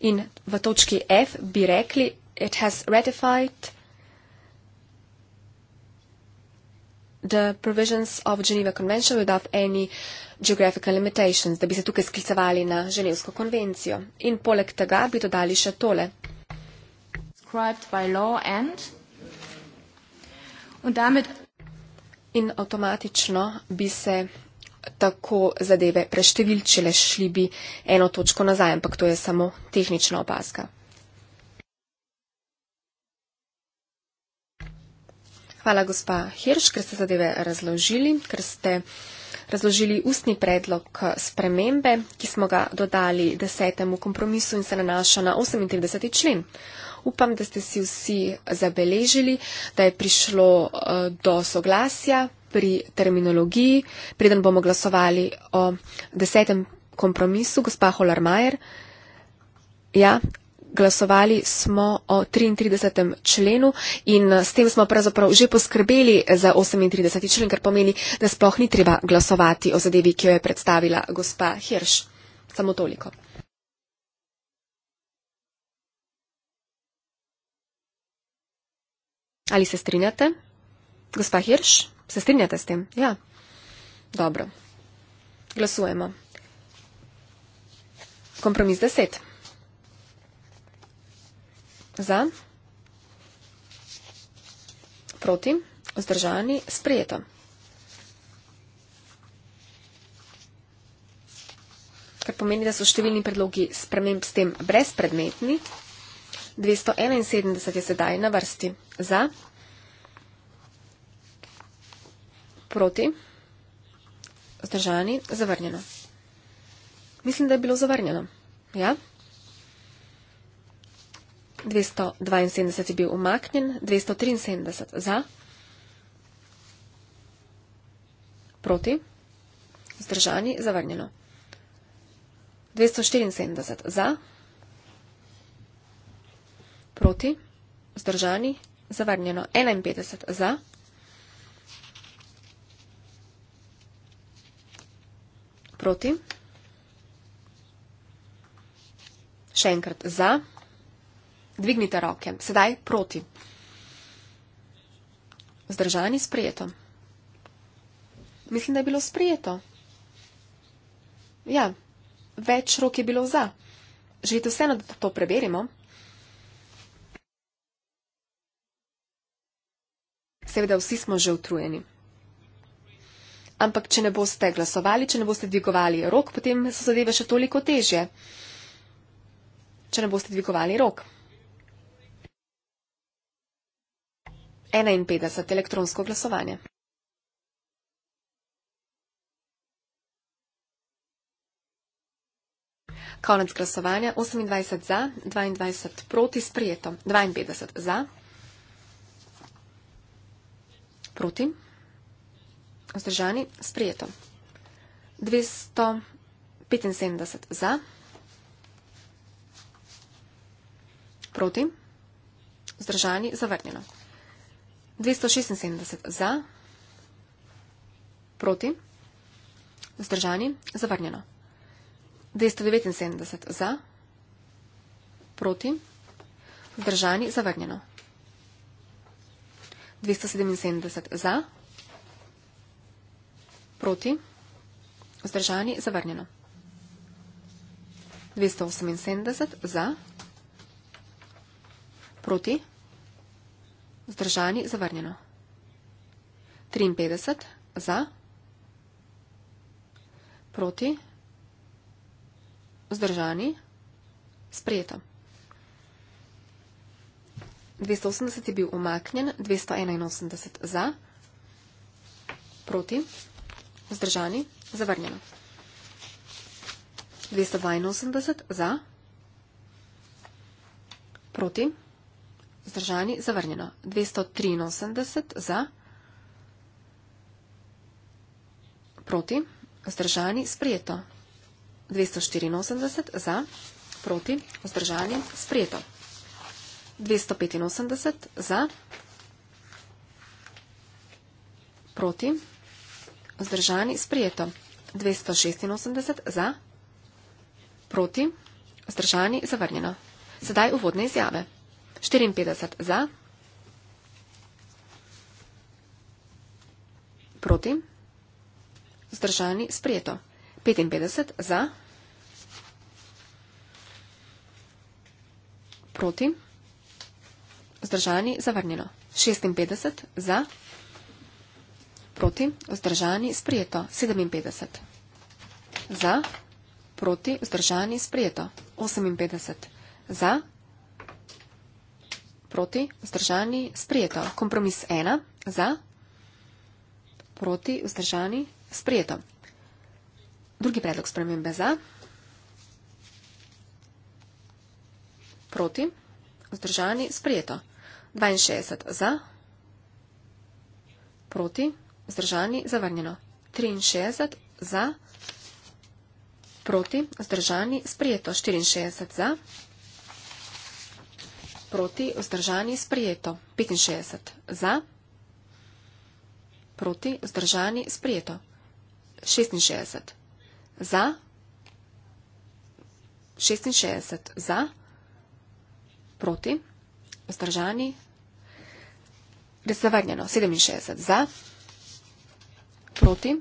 in v točki F bi rekli, it has ratified the provisions of Geneva Convention without any geographical limitations, da bi se tukaj sklicevali na Ženevsko konvencijo. In poleg tega bi dodali še tole. In avtomatično bi se tako zadeve preštevilčile, šli bi eno točko nazaj, ampak to je samo tehnična opazka. Hvala, gospa Hirš, ker ste zadeve razložili, ker ste razložili ustni predlog eh, spremembe, ki smo ga dodali desetemu kompromisu in se nanaša na 38. člen. Upam, da ste si vsi zabeležili, da je prišlo eh, do soglasja pri terminologiji, preden bomo glasovali o desetem kompromisu, gospa Holarmajer. Ja, glasovali smo o 33. členu in eh, s tem smo pravzaprav že poskrbeli eh, za 38. člen, kar pomeni, da sploh ni treba glasovati o zadevi, ki jo je predstavila gospa Hirš. Samo toliko. Ali se strinjate? Gospa Hirš? Se strinjate s tem? Ja. Dobro. Glasujemo. Kompromis 10. Za. Proti. Vzdržani. Sprijeto. Kar pomeni, da so številni predlogi sprememb s tem brezpredmetni. 271 je sedaj na vrsti. Za. Proti. Zdržani. Zavrnjeno. Mislim, da je bilo zavrnjeno. Ja? 272 je bil umaknjen, 273 za. Proti. Zdržani. Zavrnjeno. 274 za. Proti. Zdržani. Zavrnjeno. 51 za. Proti. Še enkrat za. Dvignite roke. Sedaj proti. Zdržani sprejeto. Mislim, da je bilo sprejeto. Ja, več rok je bilo za. Želite vseeno, da to preverimo? Seveda, vsi smo že utrujeni ampak če ne boste glasovali, če ne boste dvigovali rok, potem so zadeve še toliko težje. Če ne boste dvigovali rok. 51. Elektronsko glasovanje. Konec glasovanja. 28 za, 22 proti, sprijeto. 52 za. Proti. Vzdržani, sprijeto. 275 za, proti, vzdržani, zavrnjeno. 276 za, proti, vzdržani, zavrnjeno. 279 za, proti, vzdržani, zavrnjeno. 277 za, proti. Proti. Zdržani. Zavrnjeno. 278. Za. Proti. Zdržani. Zavrnjeno. 53. Za. Proti. Zdržani. Sprijeto. 280 je bil omaknjen, 281 za, proti. Zdržani? Zavrnjeno. 282 za? Proti? Zdržani? Zavrnjeno. 283 za? Proti? Zdržani? Sprijeto. 284 za? Proti? Zdržani? Sprijeto. 285 za? Proti? Proti? Zdržani sprijeto. 286 za. Proti. Zdržani zavrnjeno. Sedaj uvodne izjave. 54 za. Proti. Zdržani sprijeto. 55 za. Proti. Zdržani zavrnjeno. 56 za. Proti, vzdržani, sprijeto. 57. Za, proti, vzdržani, sprijeto. 58. Za, proti, vzdržani, sprijeto. Kompromis 1. Za, proti, vzdržani, sprijeto. Drugi predlog spremembe za, proti, vzdržani, sprijeto. 62 za, proti, vzdržani, sprijeto zdržani, zavrnjeno. 63 za, proti, zdržani, sprijeto. 64 za, proti, zdržani, sprijeto. 65 za, proti, zdržani, sprijeto. 66 za, 66 za, proti, vzdržani, zavrnjeno. 67 za, proti, proti,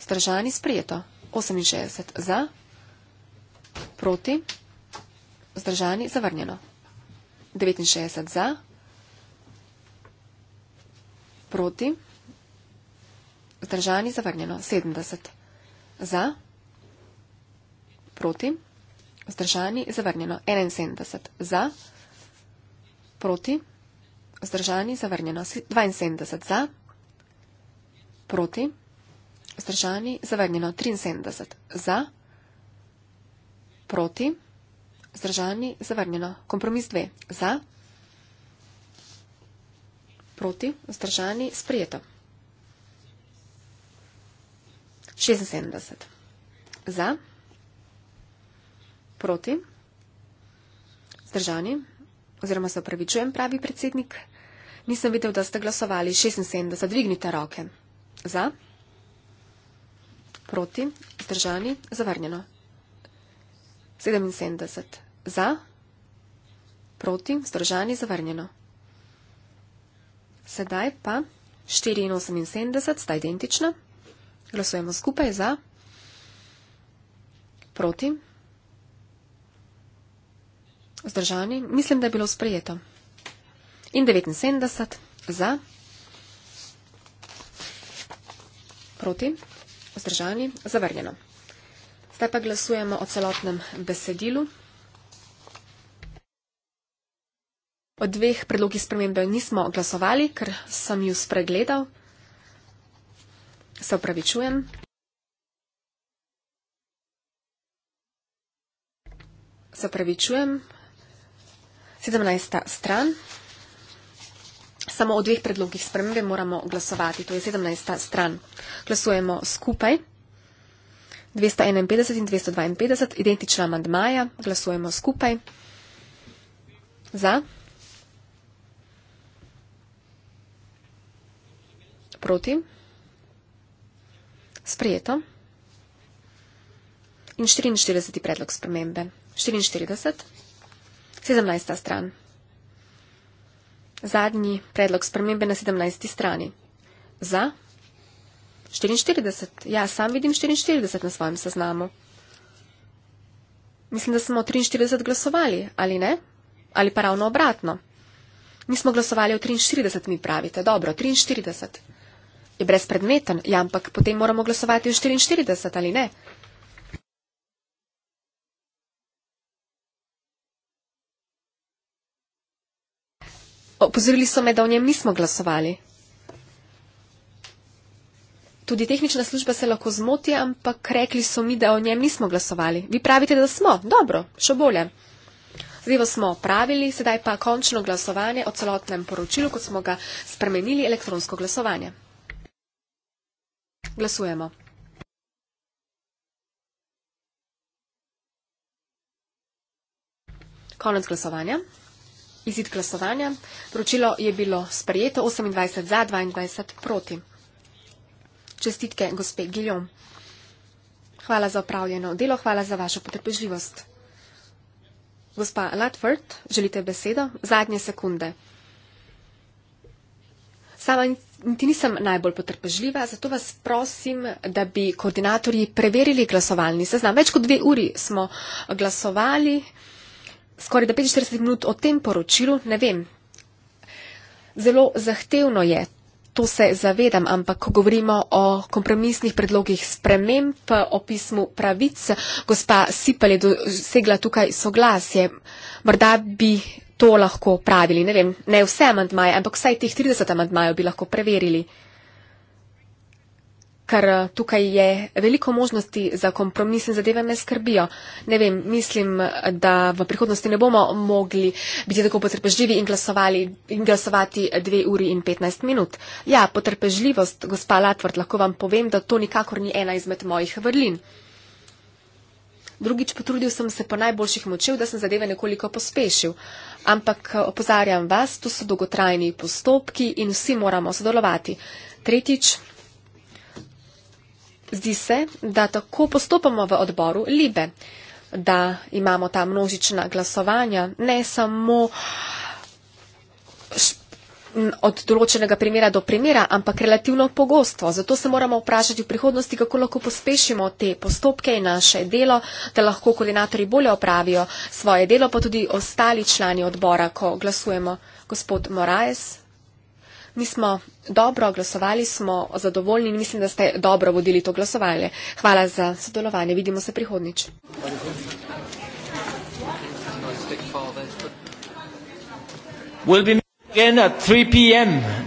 vzdržani sprijeto, 68 za, proti, vzdržani zavrnjeno, 69 za, proti, vzdržani zavrnjeno, 70 za, proti, vzdržani zavrnjeno, 71 za, proti, vzdržani zavrnjeno, 72 za, proti, Proti? Zdržani, zavrnjeno 73. Za? Proti? Zdržani, zavrnjeno. Kompromis 2. Za? Proti? Zdržani, sprijeto. 76. Za? Proti? Zdržani? Oziroma se opravičujem, pravi predsednik. Nisem videl, da ste glasovali 76. Dvignite roke. Za. Proti. Zdržani. Zavrnjeno. 77. Za. Proti. Zdržani. Zavrnjeno. Sedaj pa 84 sta identična. Glasujemo skupaj za. Proti. Zdržani. Mislim, da je bilo sprejeto. In 79 za. Proti? Vzdržani? Zavrnjeno. Zdaj pa glasujemo o celotnem besedilu. O dveh predlogih spremembe nismo glasovali, ker sem ju spregledal. Se upravičujem. Se upravičujem. 17. stran samo o dveh predlogih spremembe moramo glasovati, to je 17. stran. Glasujemo skupaj. 251 in 252, identična amandmaja, glasujemo skupaj. Za. Proti. Sprijeto. In 44. predlog spremembe. 44. 17. stran. Zadnji predlog spremembe na 17. strani. Za? 44. Ja, sam vidim 44 na svojem seznamu. Mislim, da smo 43 glasovali, ali ne? Ali pa ravno obratno? Mi smo glasovali o 43, mi pravite. Dobro, 43. Je brezpredmeten, ja, ampak potem moramo glasovati o 44, ali ne? Opozorili so me, da o njem nismo glasovali. Tudi tehnična služba se lahko zmoti, ampak rekli so mi, da o njem nismo glasovali. Vi pravite, da smo. Dobro, še bolje. Zdaj smo opravili, sedaj pa končno glasovanje o celotnem poročilu, kot smo ga spremenili, elektronsko glasovanje. Glasujemo. Konec glasovanja. Izid glasovanja. Pročilo je bilo sprejeto 28 za, 22 proti. Čestitke, gospe Giljom. Hvala za opravljeno delo, hvala za vašo potrpežljivost. Gospa Latford, želite besedo? Zadnje sekunde. Sama niti nisem najbolj potrpežljiva, zato vas prosim, da bi koordinatorji preverili glasovalni seznam. Več kot dve uri smo glasovali skoraj da 45 minut o tem poročilu, ne vem. Zelo zahtevno je, to se zavedam, ampak ko govorimo o kompromisnih predlogih sprememb, o pismu pravic, gospa Sipel je dosegla tukaj soglasje. Morda bi to lahko pravili, ne vem, ne vse amantmaje, ampak vsaj teh 30 amantmajev bi lahko preverili ker eh, tukaj je veliko možnosti za kompromis in zadeve me skrbijo. Ne vem, mislim, da v prihodnosti ne bomo mogli biti tako potrpežljivi in, in glasovati dve uri in petnajst minut. Ja, potrpežljivost, gospa Latvard, lahko vam povem, da to nikakor ni ena izmed mojih vrlin. Drugič potrudil sem se po najboljših močev, da sem zadeve nekoliko pospešil. Ampak eh, opozarjam vas, to so dolgotrajni postopki in vsi moramo sodelovati. Tretjič, Zdi se, da tako postopamo v odboru Libe, da imamo ta množična glasovanja, ne samo od določenega primera do primera, ampak relativno pogosto. Zato se moramo vprašati v prihodnosti, kako lahko pospešimo te postopke in naše delo, da lahko koordinatori bolje opravijo svoje delo, pa tudi ostali člani odbora, ko glasujemo. Gospod Moraes. Mi smo dobro glasovali, smo zadovoljni in mislim, da ste dobro vodili to glasovanje. Hvala za sodelovanje. Vidimo se prihodnič.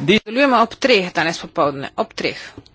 Delujemo ob treh danes popovdne. Ob treh.